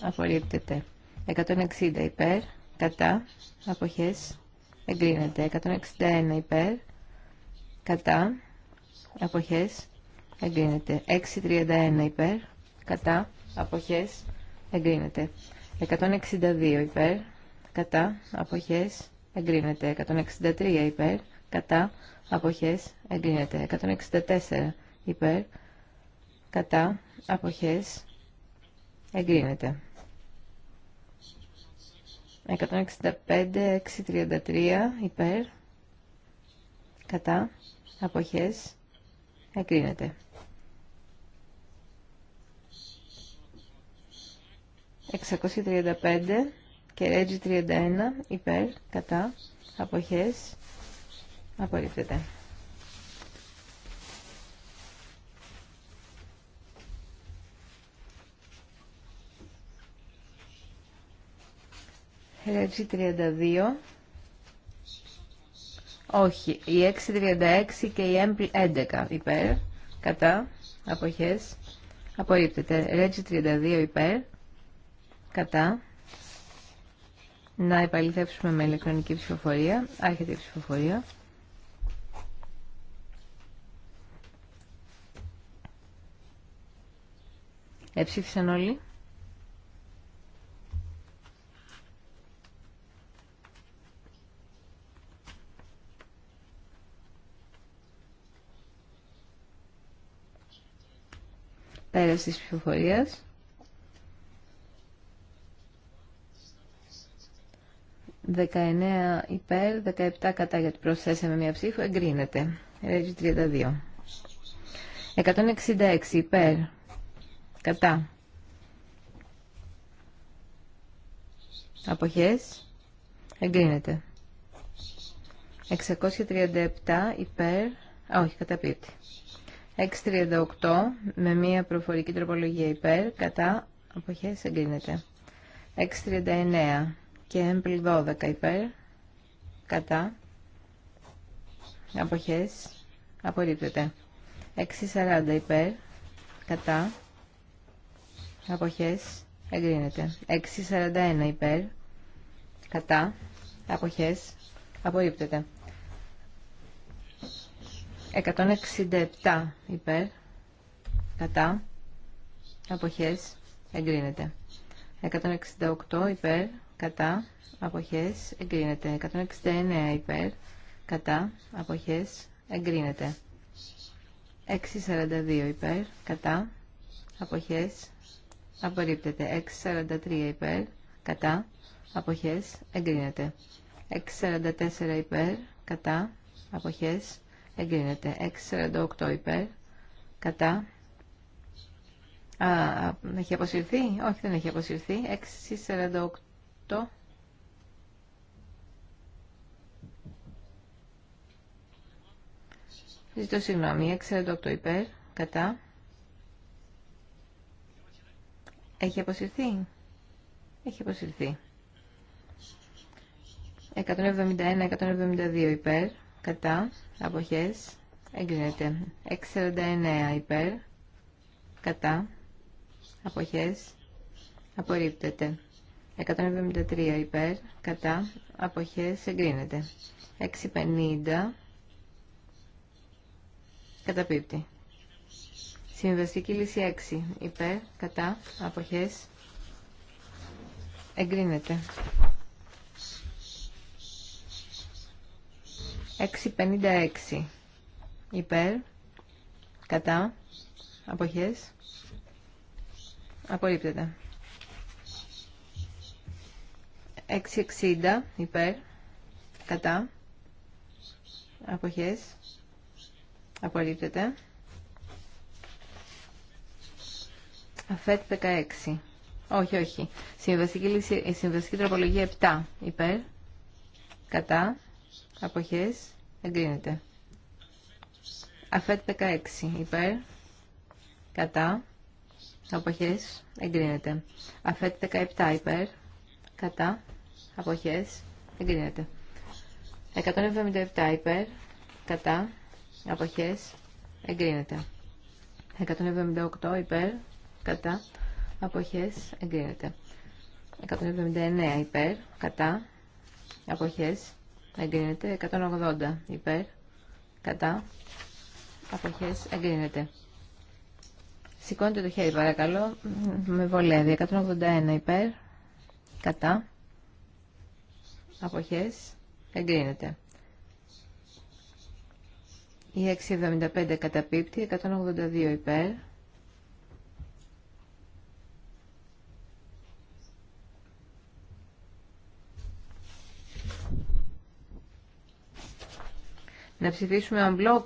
απορρίπτεται. 160 υπέρ, κατά, αποχές, εγκρίνεται. 161 υπέρ, κατά, αποχές, εγκρίνεται. 631 υπέρ, κατά, αποχές, εγκρίνεται. 162 υπέρ, κατά, αποχές, εγκρίνεται. 163 υπέρ, κατά, αποχές, εγκρίνεται. 164 υπέρ, κατά, αποχές, εγκρίνεται. 165-633 υπέρ, κατά, αποχές, εγκρίνεται. 635 και Regi 31 υπέρ, κατά, αποχές, Απορρίπτεται. Ρέτζι 32. Όχι, η 636 και η έμπλη 11 υπέρ, κατά, αποχές, απορρίπτεται. Ρέτζι 32 υπέρ, κατά. Να επαληθεύσουμε με ηλεκτρονική ψηφοφορία. Άρχεται η ψηφοφορία. Εψήφισαν όλοι. Πέρας της ψηφοφορίας. 19 υπέρ, 17 κατά γιατί προσθέσαμε μία ψήφο, εγκρίνεται. Ρέτζι 32. 166 υπέρ, Κατά. Αποχές. Εγκρίνεται. 637 υπέρ... Α, όχι, καταπίπτει. 638 με μία προφορική τροπολογία υπέρ... Κατά. Αποχές. Εγκρίνεται. 639 και έμπλη 12 υπέρ... Κατά. Αποχές. Απορρίπτεται. 640 υπέρ... Κατά αποχές εγκρίνεται 6.41 υπέρ κατά αποχές απορρίπτεται 167 υπέρ κατά αποχές εγκρίνεται 168 υπέρ κατά αποχές εγκρίνεται 169 υπέρ κατά αποχές εγκρίνεται 642 υπέρ κατά αποχές απορρίπτεται. 643 υπέρ, κατά, αποχές, εγκρίνεται. 644 υπέρ, κατά, αποχές, εγκρίνεται. 648 υπέρ, κατά, Α, έχει αποσυρθεί, όχι δεν έχει αποσυρθεί, 648 Ζητώ συγγνώμη, 648 υπέρ, κατά, Έχει αποσυρθεί. Έχει αποσυρθεί. 171-172 υπέρ, κατά, αποχές, εγκρίνεται. 649 υπέρ, κατά, αποχές, απορρίπτεται. 173 υπέρ, κατά, αποχές, εγκρίνεται. 650, καταπίπτει. Συνδεστική λύση 6. Υπέρ, κατά, αποχές, εγκρίνεται. 6.56. Υπέρ, κατά, αποχές, απορρίπτεται. 6.60. Υπέρ, κατά, αποχές, απορρίπτεται. ΦΕΤ 16. Όχι, όχι. Συμβαστική, λύση, συμβαστική τροπολογία 7. Υπέρ. Κατά. Αποχές. Εγκρίνεται. ΑΦΕΤ 16. Υπέρ. Κατά. Αποχές. Εγκρίνεται. ΑΦΕΤ 17. Υπέρ. Κατά. Αποχές. Εγκρίνεται. 177. Υπέρ. Κατά. Αποχές. Εγκρίνεται. 178. Υπέρ κατά αποχές εγκρίνεται 179 υπέρ κατά αποχές εγκρίνεται 180 υπέρ κατά αποχές εγκρίνεται Σηκώνετε το χέρι παρακαλώ με βολεύει 181 υπέρ κατά αποχές εγκρίνεται η 675 καταπίπτει 182 υπέρ Να ψηφίσουμε on block.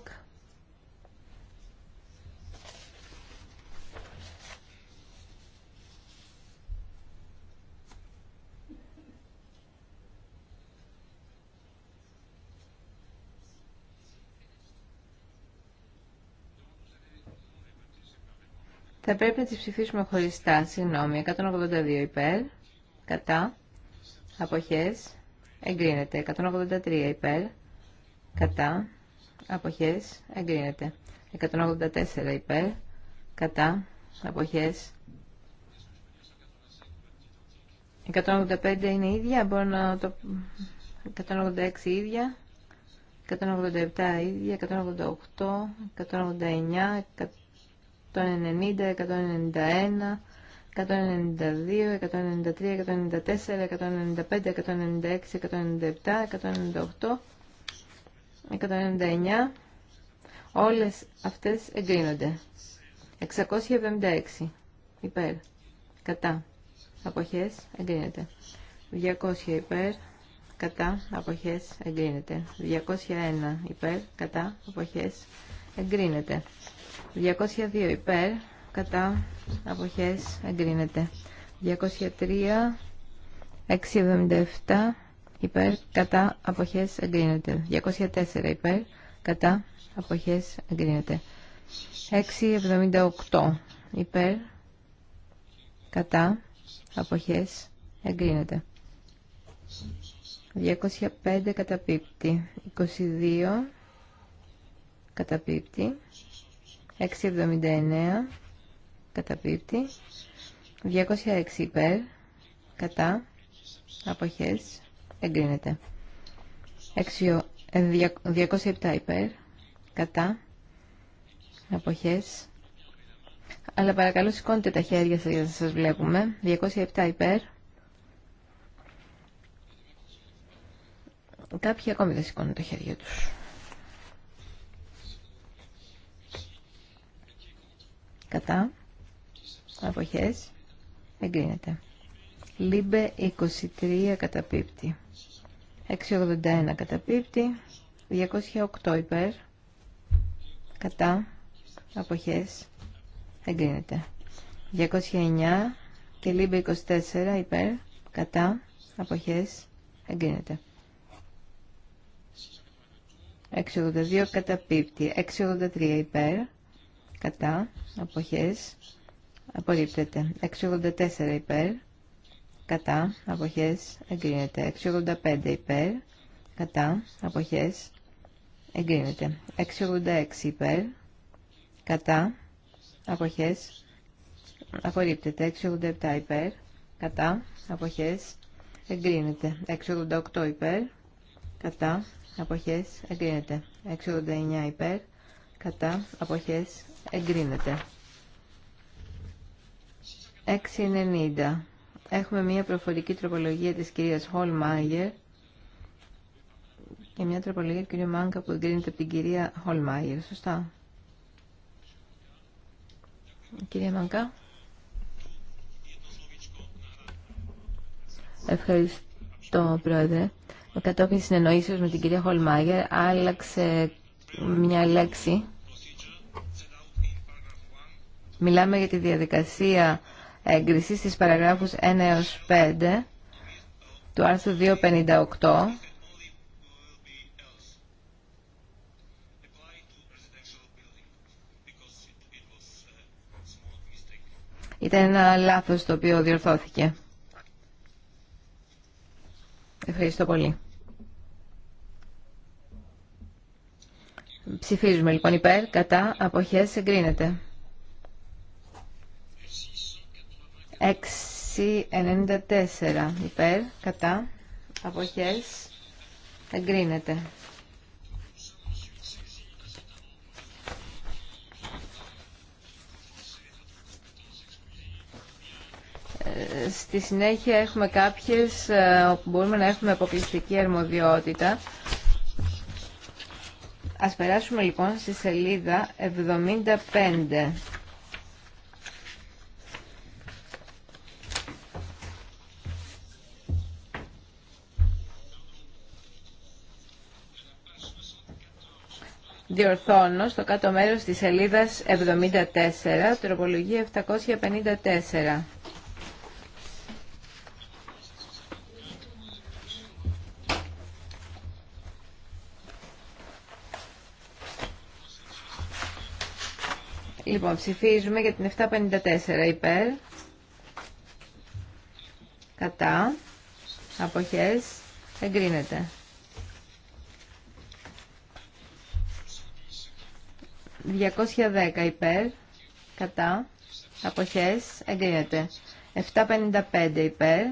Θα πρέπει να τις ψηφίσουμε χωριστά, συγγνώμη, 182 υπέρ, κατά, αποχές, εγκρίνεται, 183 υπέρ, κατά, αποχές, εγκρίνεται. 184 υπέρ, κατά, αποχές. 185 είναι ίδια, μπορώ να το... 186 ίδια, 187 ίδια, 188, 189, 190, 191, 192, 193, 194, 195, 196, 197, 198, 199. Όλες αυτές εγκρίνονται. 676. Υπέρ. Κατά. Αποχές. Εγκρίνεται. 200 υπέρ. Κατά. Αποχές. Εγκρίνεται. 201 υπέρ. Κατά. Αποχές. Εγκρίνεται. 202 υπέρ. Κατά. Αποχές. Εγκρίνεται. 203. 677 υπέρ, κατά, αποχές, εγκρίνεται. 204 υπέρ, κατά, αποχές, εγκρίνεται. 678 υπέρ, κατά, αποχές, εγκρίνεται. 205 καταπίπτει, 22 καταπίπτει, 679 καταπίπτει, 206 υπέρ, κατά, αποχές, εγκρίνεται. 207 ε, υπέρ, κατά, αποχές. Αλλά παρακαλώ σηκώνετε τα χέρια σας για να σας βλέπουμε. 207 υπέρ. Κάποιοι ακόμη δεν σηκώνουν τα χέρια τους. Κατά. Αποχές. Εγκρίνεται. Λίμπε 23 καταπίπτει. 681 καταπίπτει. 208 υπέρ. Κατά. Αποχές. Εγκρίνεται. 209 και λίμπε 24 υπέρ. Κατά. Αποχές. Εγκρίνεται. 682 καταπίπτει. 683 υπέρ. Κατά. Αποχές. Απορρίπτεται. 684 υπέρ κατά αποχές εγκρίνεται 685 υπέρ κατά αποχές εγκρίνεται 686 υπέρ κατά αποχές απορρίπτεται 687 υπέρ κατά αποχές εγκρίνεται 688 υπέρ κατά αποχές εγκρίνεται 689 υπέρ κατά αποχές εγκρίνεται 690 Έχουμε μία προφορική τροπολογία της κυρίας Χολμάγερ και μία τροπολογία του κυρίου Μάνκα που εγκρίνεται από την κυρία Χολμάγερ. Σωστά. Κυρία Μάνκα. Ευχαριστώ, Πρόεδρε. Κατόπιν συνεννοήσεως με την κυρία Χολμάγερ άλλαξε μια λέξη. Μιλάμε για τη διαδικασία έγκριση στις παραγράφους 1 έως 5 του άρθρου 258 Ήταν ένα λάθος το οποίο διορθώθηκε. Ευχαριστώ πολύ. Ψηφίζουμε λοιπόν υπέρ, κατά, αποχές, εγκρίνεται. 694 υπέρ, κατά, αποχές, εγκρίνεται. Ε, στη συνέχεια έχουμε κάποιες ε, όπου μπορούμε να έχουμε αποκλειστική αρμοδιότητα. Ας περάσουμε λοιπόν στη σελίδα 75. Διορθώνω στο κάτω μέρο τη σελίδα 74, τροπολογία 754. Λοιπόν, ψηφίζουμε για την 754 υπέρ, κατά, αποχές, εγκρίνεται. 210 υπέρ, κατά, αποχές, εγκρίνεται. 755 υπέρ,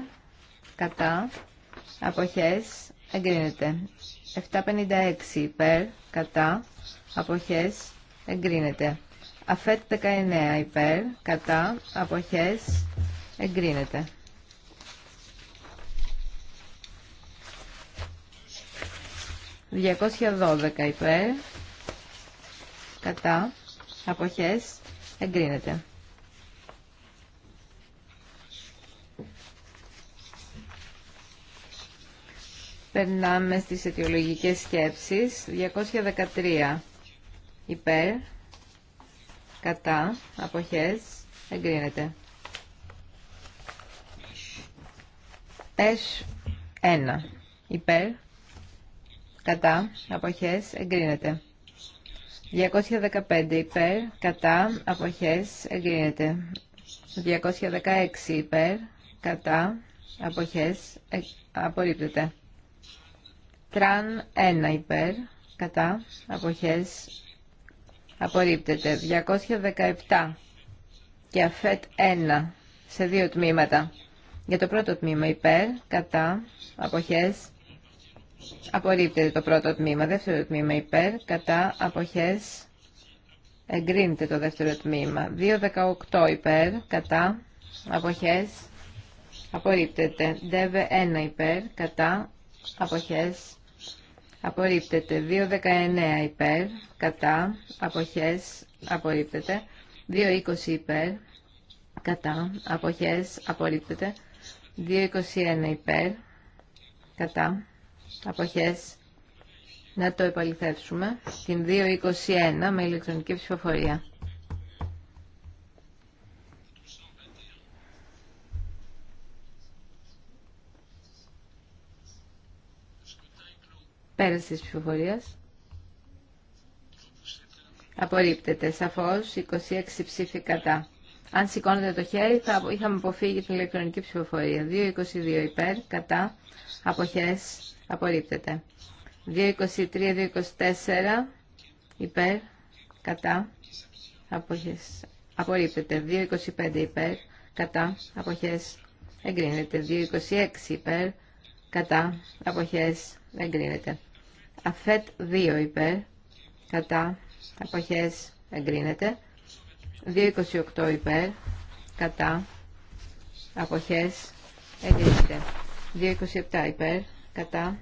κατά, αποχές, εγκρίνεται. 756 υπέρ, κατά, αποχές, εγκρίνεται. Αφέτ 19 υπέρ, κατά, αποχές, εγκρίνεται. 212 υπέρ, κατά, αποχές, εγκρίνεται. Περνάμε στις αιτιολογικές σκέψεις. 213 υπέρ, κατά, αποχές, εγκρίνεται. Έσ, 1 υπέρ, κατά, αποχές, εγκρίνεται. 215 υπέρ, κατά, αποχές, εγκρίνεται. 216 ε, υπέρ, κατά, αποχές, απορρίπτεται. Τραν 1 υπέρ, κατά, αποχές, απορρίπτεται. 217 και αφέτ 1 σε δύο τμήματα. Για το πρώτο τμήμα υπέρ, κατά, αποχές, Απορρίπτεται το πρώτο τμήμα. Δεύτερο τμήμα υπέρ, κατά, αποχές. Εγκρίνεται το δεύτερο τμήμα. 2.18 υπέρ, κατά, αποχές. Απορρίπτεται. Δεύε 1 υπέρ, κατά, αποχές. Απορρίπτεται. 2.19 υπέρ, κατά, αποχές. Απορρίπτεται. 2.20 υπέρ, κατά, αποχές. Απορρίπτεται. 2.21 υπέρ, κατά, αποχές να το επαληθεύσουμε την 221 με ηλεκτρονική ψηφοφορία. Πέραση της ψηφοφορίας. Απορρίπτεται σαφώς 26 ψήφοι κατά. Αν σηκώνετε το χέρι θα είχαμε αποφύγει την ηλεκτρονική 2.22 υπέρ, κατά, αποχές Απορρίπτεται. 2.23-2.24 υπέρ, κατά, αποχές. Απορρίπτεται. 2.25 υπέρ, κατά, αποχές. Εγκρίνεται. 2.26 υπέρ, κατά, αποχές. Εγκρίνεται. Αφέτ 2 υπέρ, κατά, αποχές. Εγκρίνεται. 2.28 υπέρ, κατά, αποχές. Εγκρίνεται. 2.27 υπέρ, κατά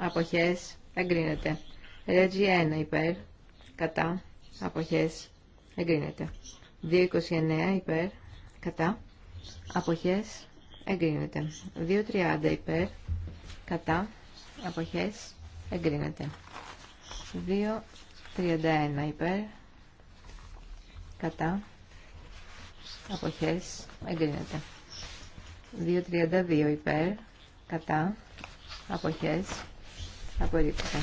αποχές εγκρίνεται. Ρέτζι 1 υπέρ κατά αποχές εγκρίνεται. 2.29 υπέρ κατά αποχές εγκρίνεται. 2.30 υπέρ κατά αποχές εγκρίνεται. 2.31 υπέρ κατά αποχές εγκρίνεται. 2.32 υπέρ κατά αποχές απορρίπτεται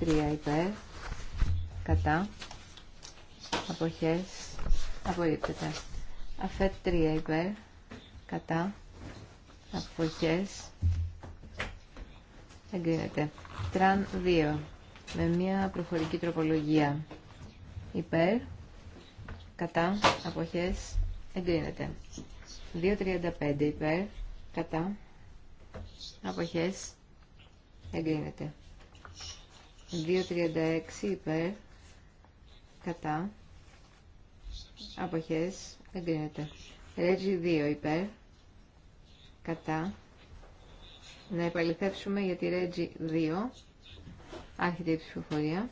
2.33 υπέρ κατά αποχές απορρίπτεται αφέτ 3 υπέρ κατά αποχές εγκρίνεται τραν 2 με μια προφορική τροπολογία υπέρ κατά αποχές εγκρίνεται 2.35 υπέρ κατά αποχές εγκρίνεται 2.36 υπέρ κατά αποχές εγκρίνεται Ρέτζι 2 υπέρ κατά να επαληθεύσουμε για τη Ρέτζι 2 άρχεται η ψηφοφορία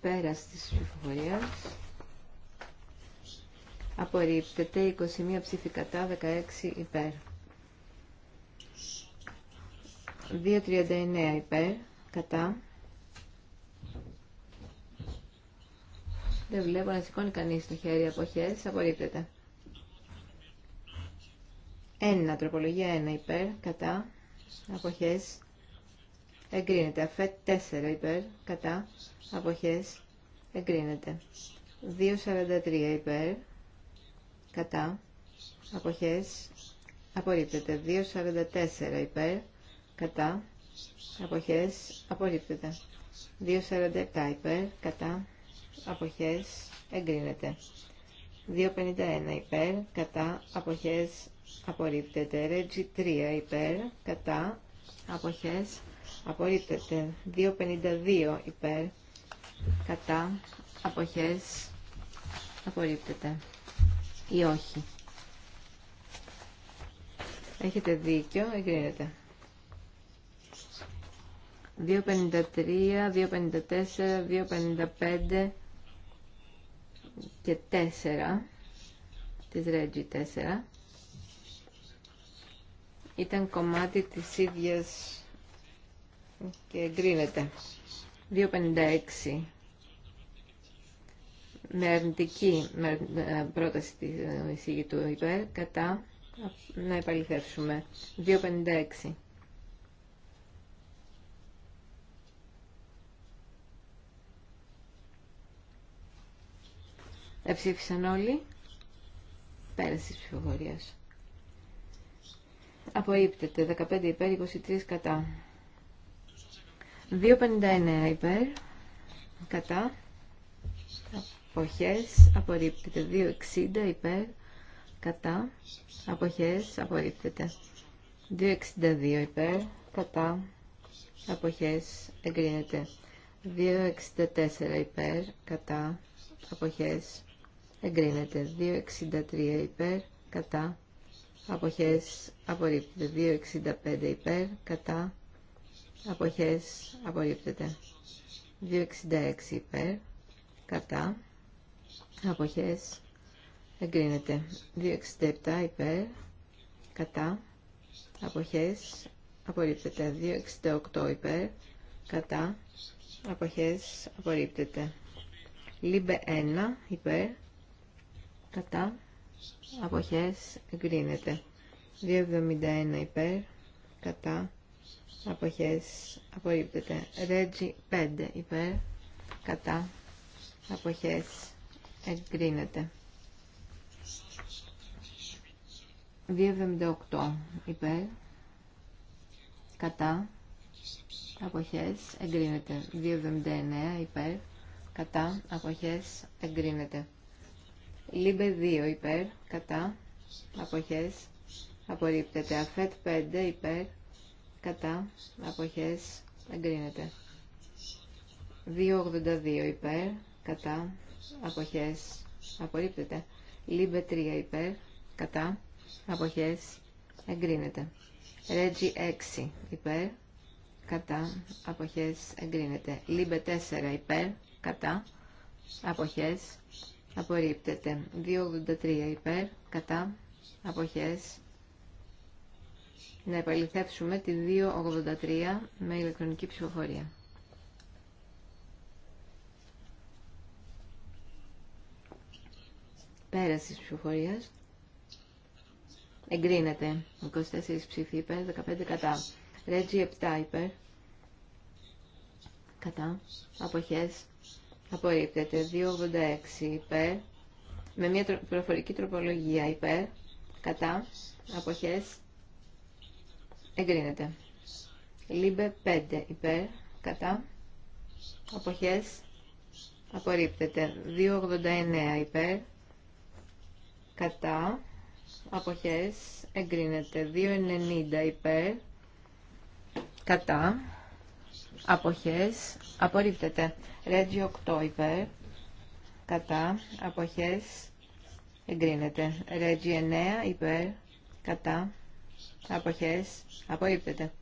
πέρας της ψηφοφορίας απορρίπτεται 21 ψήφοι κατά 16 υπέρ 2.39 υπέρ κατά δεν βλέπω να σηκώνει κανείς το χέρι αποχές απορρίπτεται 1 τροπολογία 1 υπέρ κατά αποχές εγκρίνεται Αφέ 4 υπέρ κατά αποχές εγκρίνεται 2.43 υπέρ κατά, αποχές, απορρίπτεται. 2.44 υπέρ, κατά, αποχές, απορρίπτεται. 2.47 υπέρ, κατά, αποχές, εγκρίνεται. 2.51 υπέρ, κατά, αποχές, απορρίπτεται. Ρέτζι 3 υπέρ, κατά, αποχές, απορρίπτεται. 2.52 υπέρ, κατά, αποχές, απορρίπτεται ή όχι. Έχετε δίκιο, εγκρίνεται. 2.53, 2.54, 2.55 και 4 της Reggie 4 ήταν κομμάτι της ίδιας και εγκρίνεται. 2.56 με αρνητική ε, πρόταση ε, του εισηγητού υπέρ, κατά, να επαληθεύσουμε. 2.56. Εψήφισαν όλοι. Πέρασε τη ψηφοφορία. Απορρίπτεται. 15 υπέρ, 23 κατά. 2.59 υπέρ, κατά αποχές απορρίπτεται 260 υπέρ κατά αποχές απορρίπτεται 262 υπέρ κατά αποχές εγκρίνεται 264 υπέρ κατά αποχές εγκρίνεται 263 υπέρ κατά αποχές απορρίπτεται 265 υπέρ κατά αποχές απορρίπτεται 266 υπέρ κατά αποχές εγκρίνεται 267 υπέρ κατά αποχές απορρίπτεται 268 υπέρ κατά αποχές απορρίπτεται λίμπε 1 υπέρ κατά αποχές εγκρίνεται 271 υπέρ κατά αποχές απορρίπτεται ρέτζι 5 υπέρ κατά αποχές εγκρίνεται. 2,78 υπέρ, κατά, αποχές, εγκρίνεται. 2,79 υπέρ, κατά, αποχές, εγκρίνεται. Λίμπε 2 υπέρ, κατά, αποχές, απορρίπτεται. Αφέτ 5 υπέρ, κατά, αποχές, εγκρίνεται. 2,82 υπέρ, κατά, αποχές απορρίπτεται. Λίμπε 3 υπέρ, κατά, αποχές εγκρίνεται. Ρέτζι 6 υπέρ, κατά, αποχές εγκρίνεται. Λίμπε 4 υπέρ, κατά, αποχές απορρίπτεται. 283 υπέρ, κατά, αποχές να επαληθεύσουμε τη 283 με ηλεκτρονική ψηφοφορία. Πέραση της ψηφοφορίας. Εγκρίνεται. 24 ψήφοι υπέρ, 15 κατά. Ρέτζι 7 υπέρ. Κατά. Αποχές. Απορρίπτεται. 286 υπέρ. Με μια προφορική τροπολογία υπέρ. Κατά. Αποχές. Εγκρίνεται. Λίμπε 5 υπέρ. Κατά. Αποχές. Απορρίπτεται. 289 υπέρ κατά, αποχές, εγκρίνεται. 2,90 υπέρ, κατά, αποχές, απορρίπτεται. Ρέτζι 8 υπέρ, κατά, αποχές, εγκρίνεται. Ρέτζι 9 υπέρ, κατά, αποχές, απορρίπτεται.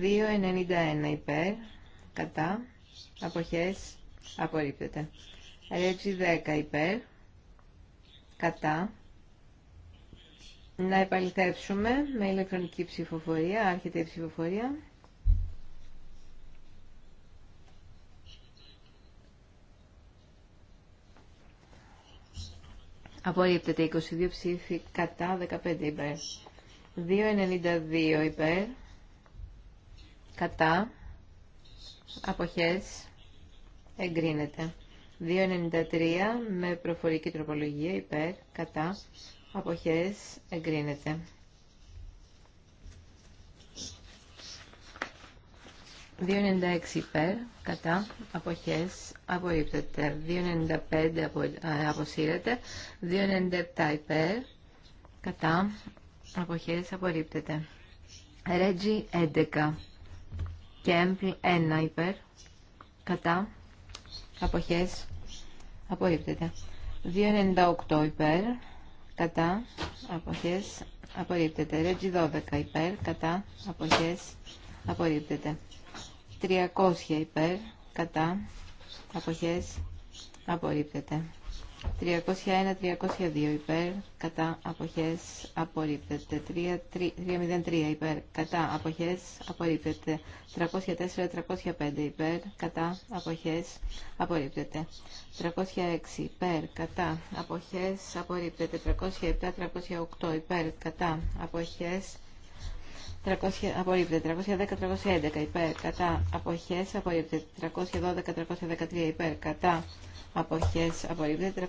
2,91 υπέρ, κατά, αποχές, απορρίπτεται. Ρέτζι 10 υπέρ, κατά. Να επαληθεύσουμε με ηλεκτρονική ψηφοφορία, άρχεται η ψηφοφορία. Απορρίπτεται 22 ψήφοι κατά 15 υπέρ. 2,92 υπέρ. Κατά. Αποχές. Εγκρίνεται. 2.93 με προφορική τροπολογία υπέρ, κατά, αποχές, εγκρίνεται. 2.96 υπέρ, κατά, αποχές, απορρίπτεται. 2.95 απο, ε, αποσύρεται. 2.97 υπέρ, κατά, αποχές, απορρίπτεται. Ρέτζι 11 και 1 υπέρ, κατά, αποχές απορρίπτεται 2.98 υπέρ κατά αποχές απορρίπτεται Ρέτζι 12 υπέρ κατά αποχές απορρίπτεται 300 υπέρ κατά αποχές απορρίπτεται 301-302 υπέρ, κατά αποχές απορρίπτεται. 303 υπέρ, κατά αποχές απορρίπτεται. 304-305 υπέρ, κατά αποχές απορρίπτεται. 306 υπέρ, κατά αποχές απορρίπτεται. 307-308 υπέρ, κατά αποχές 300, απορρίπτεται 310-311 υπέρ, κατά αποχές απορρίπτεται 312-313 υπέρ, κατά αποχές απορρίπτεται,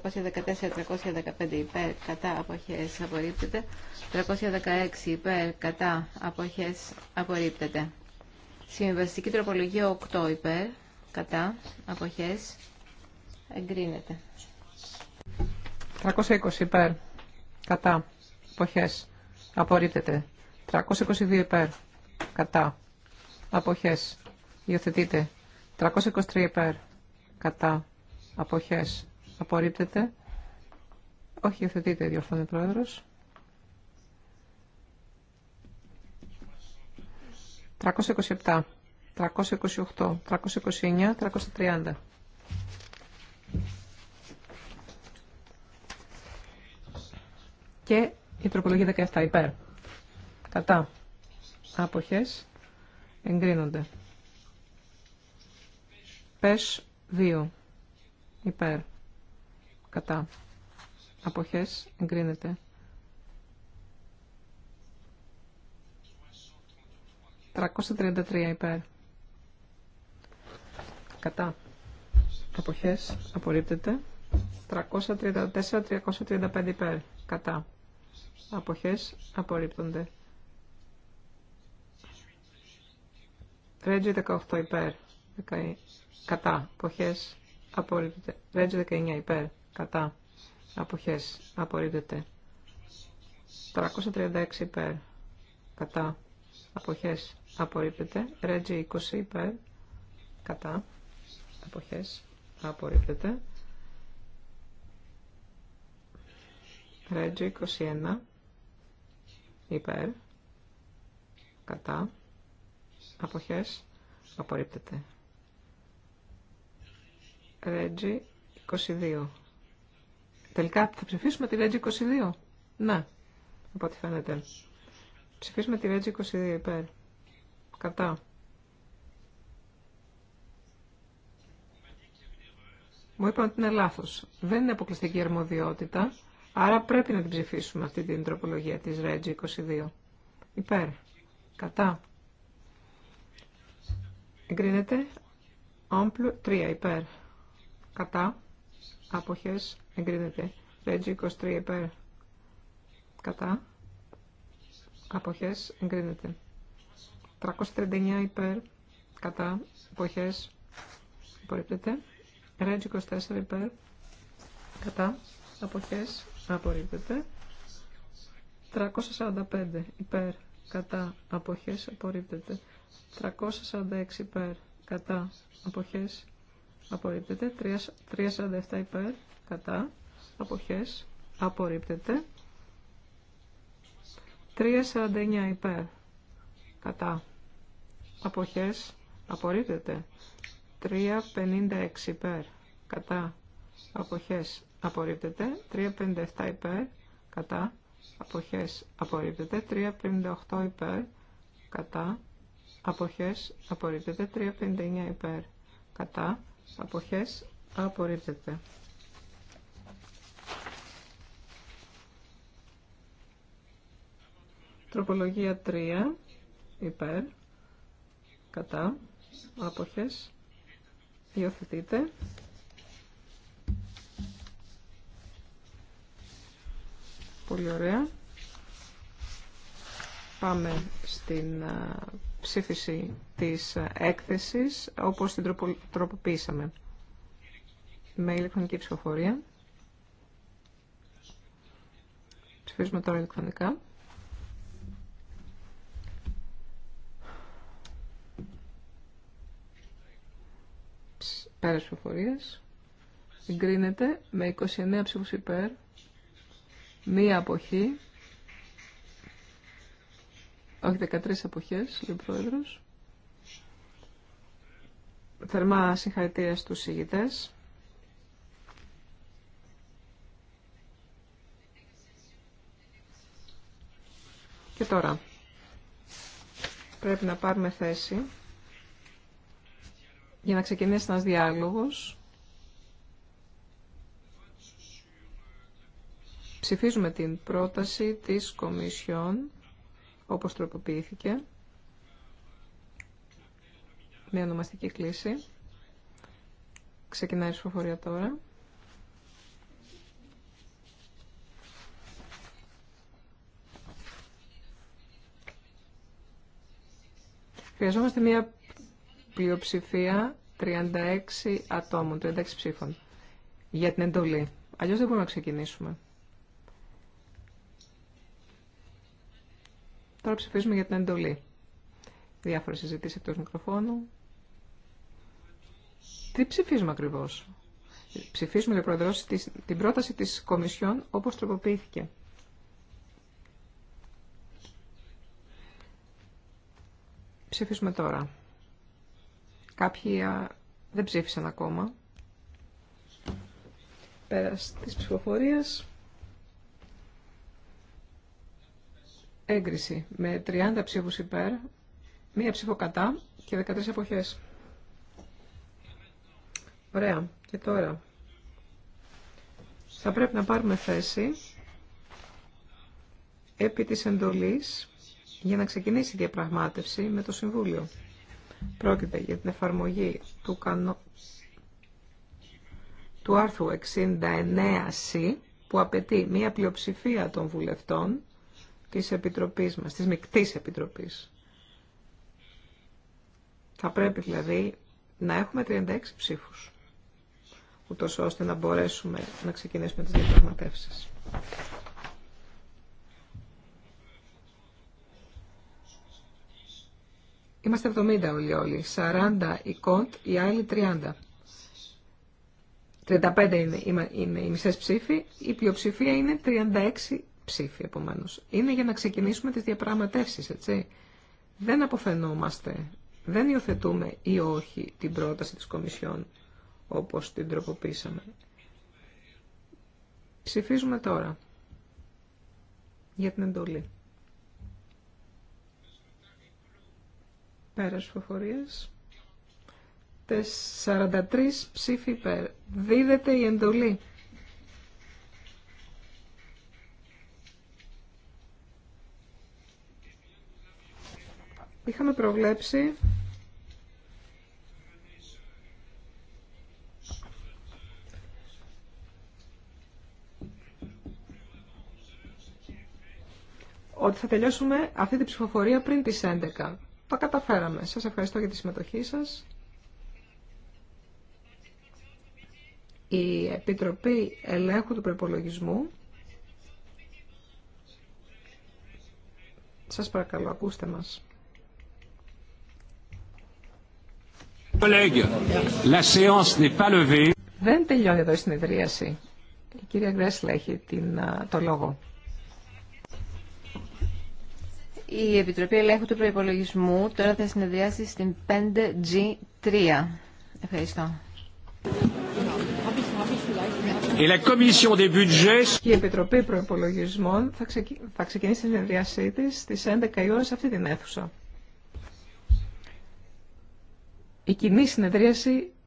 314-315 υπέρ κατά αποχές απορρίπτεται, 316 υπέρ κατά αποχές απορρίπτεται. Συμβαστική τροπολογία 8 υπέρ κατά αποχές εγκρίνεται. 320 υπέρ κατά αποχές απορρίπτεται. 322 υπέρ κατά αποχές υιοθετείται. 323 υπέρ κατά Αποχές. Απορρίπτεται. Όχι, υιοθετείται, διορθώνει Πρόεδρος. 327, 328, 329, 330. Και η τροπολογία 17 υπέρ. Κατά. Άποχες. Εγκρίνονται. Πες 2 υπέρ, κατά, αποχές, εγκρίνεται. 333 υπέρ, κατά, αποχές, απορρίπτεται. 334-335 υπέρ, κατά, αποχές, απορρίπτονται. Ρέτζι 18 υπέρ, κατά, αποχές, απορρίπτεται. Ρέτζο 19 υπέρ, κατά, αποχές, απορρίπτεται. 336 υπέρ, κατά, αποχές, απορρίπτεται. Ρέτζο 20 υπέρ, κατά, αποχές, απορρίπτεται. Ρέτζο 21 υπέρ, κατά, αποχές, απορρίπτεται. Ρέτζι 22. Τελικά θα ψηφίσουμε τη Ρέτζι 22. Να, από ό,τι φαίνεται. Ψηφίσουμε τη Ρέτζι 22 υπέρ. Κατά. Μου είπαν ότι είναι λάθος. Δεν είναι αποκλειστική αρμοδιότητα, άρα πρέπει να την ψηφίσουμε αυτή την τροπολογία της Ρέτζι 22. Υπέρ. Κατά. Εγκρίνεται. Όμπλου 3 υπέρ κατά, αποχές, εγκρίνεται. Ρέτζι 23 υπέρ, κατά, αποχές, εγκρίνεται. 339 υπέρ, κατά, αποχές, απορρίπτεται. Ρέτζι 24 υπέρ, κατά, αποχές, απορρίπτεται. 345 υπέρ, κατά, αποχές, απορρίπτεται. 346 υπέρ, κατά, αποχές, απορρίπτεται. 3.47 υπέρ, κατά, αποχές, απορρίπτεται. 3.49 υπέρ, κατά, αποχές, απορρίπτεται. 3.56 υπέρ, κατά, αποχές, απορρίπτεται. 3.57 υπέρ, κατά, αποχές, απορρίπτεται. 3.58 υπέρ, κατά, αποχές, απορρίπτεται. 3.59 υπέρ, κατά, αποχές απορρίπτεται. Τροπολογία 3 υπέρ κατά αποχές υιοθετείται. Πολύ ωραία. Πάμε στην ψήφιση της έκθεσης όπως την τροποποιήσαμε με ηλεκτρονική ψηφοφορία. Ψηφίζουμε τώρα ηλεκτρονικά. Πέρας ψηφοφορίας. Εγκρίνεται με 29 ψήφους υπέρ, μία αποχή όχι, 13 εποχέ, λέει ο πρόεδρο. Θερμά συγχαρητήρια στους ηγητές. Και τώρα πρέπει να πάρουμε θέση για να ξεκινήσει ένας διάλογος. Ψηφίζουμε την πρόταση της Κομισιόν όπως τροποποιήθηκε μια ονομαστική κλίση. Ξεκινάει η σφοφορία τώρα. Χρειαζόμαστε μια πλειοψηφία 36 ατόμων, 36 ψήφων για την εντολή. Αλλιώς δεν μπορούμε να ξεκινήσουμε. Τώρα ψηφίζουμε για την εντολή. Διάφορες συζητήσει εκτό μικροφώνου. Τι ψηφίζουμε ακριβώς. Ψηφίζουμε για πρόεδρο την πρόταση της Κομισιόν όπως τροποποιήθηκε. Ψηφίζουμε τώρα. Κάποιοι δεν ψήφισαν ακόμα. Πέρας της ψηφοφορίας. Έγκριση με 30 ψήφους υπέρ, μία ψήφο κατά και 13 εποχές. Ωραία. Και τώρα θα πρέπει να πάρουμε θέση επί της εντολής για να ξεκινήσει η διαπραγμάτευση με το Συμβούλιο. Πρόκειται για την εφαρμογή του, κανο... του άρθρου 69C που απαιτεί μία πλειοψηφία των βουλευτών της Επιτροπής μας, της Μικτής Επιτροπής. Θα πρέπει δηλαδή να έχουμε 36 ψήφους, ούτως ώστε να μπορέσουμε να ξεκινήσουμε τις διαπραγματεύσεις. Είμαστε 70 όλοι όλοι, 40 η κοντ, οι άλλοι 30. 35 είναι, είναι οι μισές ψήφοι, η πλειοψηφία είναι 36 ψήφοι επομένω. Είναι για να ξεκινήσουμε τις διαπραγματεύσεις, έτσι. Δεν αποφαινόμαστε, δεν υιοθετούμε ή όχι την πρόταση της Κομισιόν όπως την τροποποίησαμε. Ψηφίζουμε τώρα για την εντολή. Πέρας φοφορίας. 43 ψήφοι υπέρ. Δίδεται η εντολή. Είχαμε προβλέψει ότι θα τελειώσουμε αυτή τη ψηφοφορία πριν τις 11. Το καταφέραμε. Σας ευχαριστώ για τη συμμετοχή σας. Η Επιτροπή Ελέγχου του Προπολογισμού. Σας παρακαλώ, ακούστε μας. Δεν τελειώνει εδώ η συνεδρίαση. Η κυρία Γκρέσλα έχει την, το λόγο. Η Επιτροπή Ελέγχου του Προϋπολογισμού τώρα θα συνεδριάσει στην 5G3. Ευχαριστώ. Η Επιτροπή Προϋπολογισμών θα, ξεκινήσει τη συνεδριασή της στις 11 η ώρα σε αυτή την αίθουσα η κοινή συνεδρίαση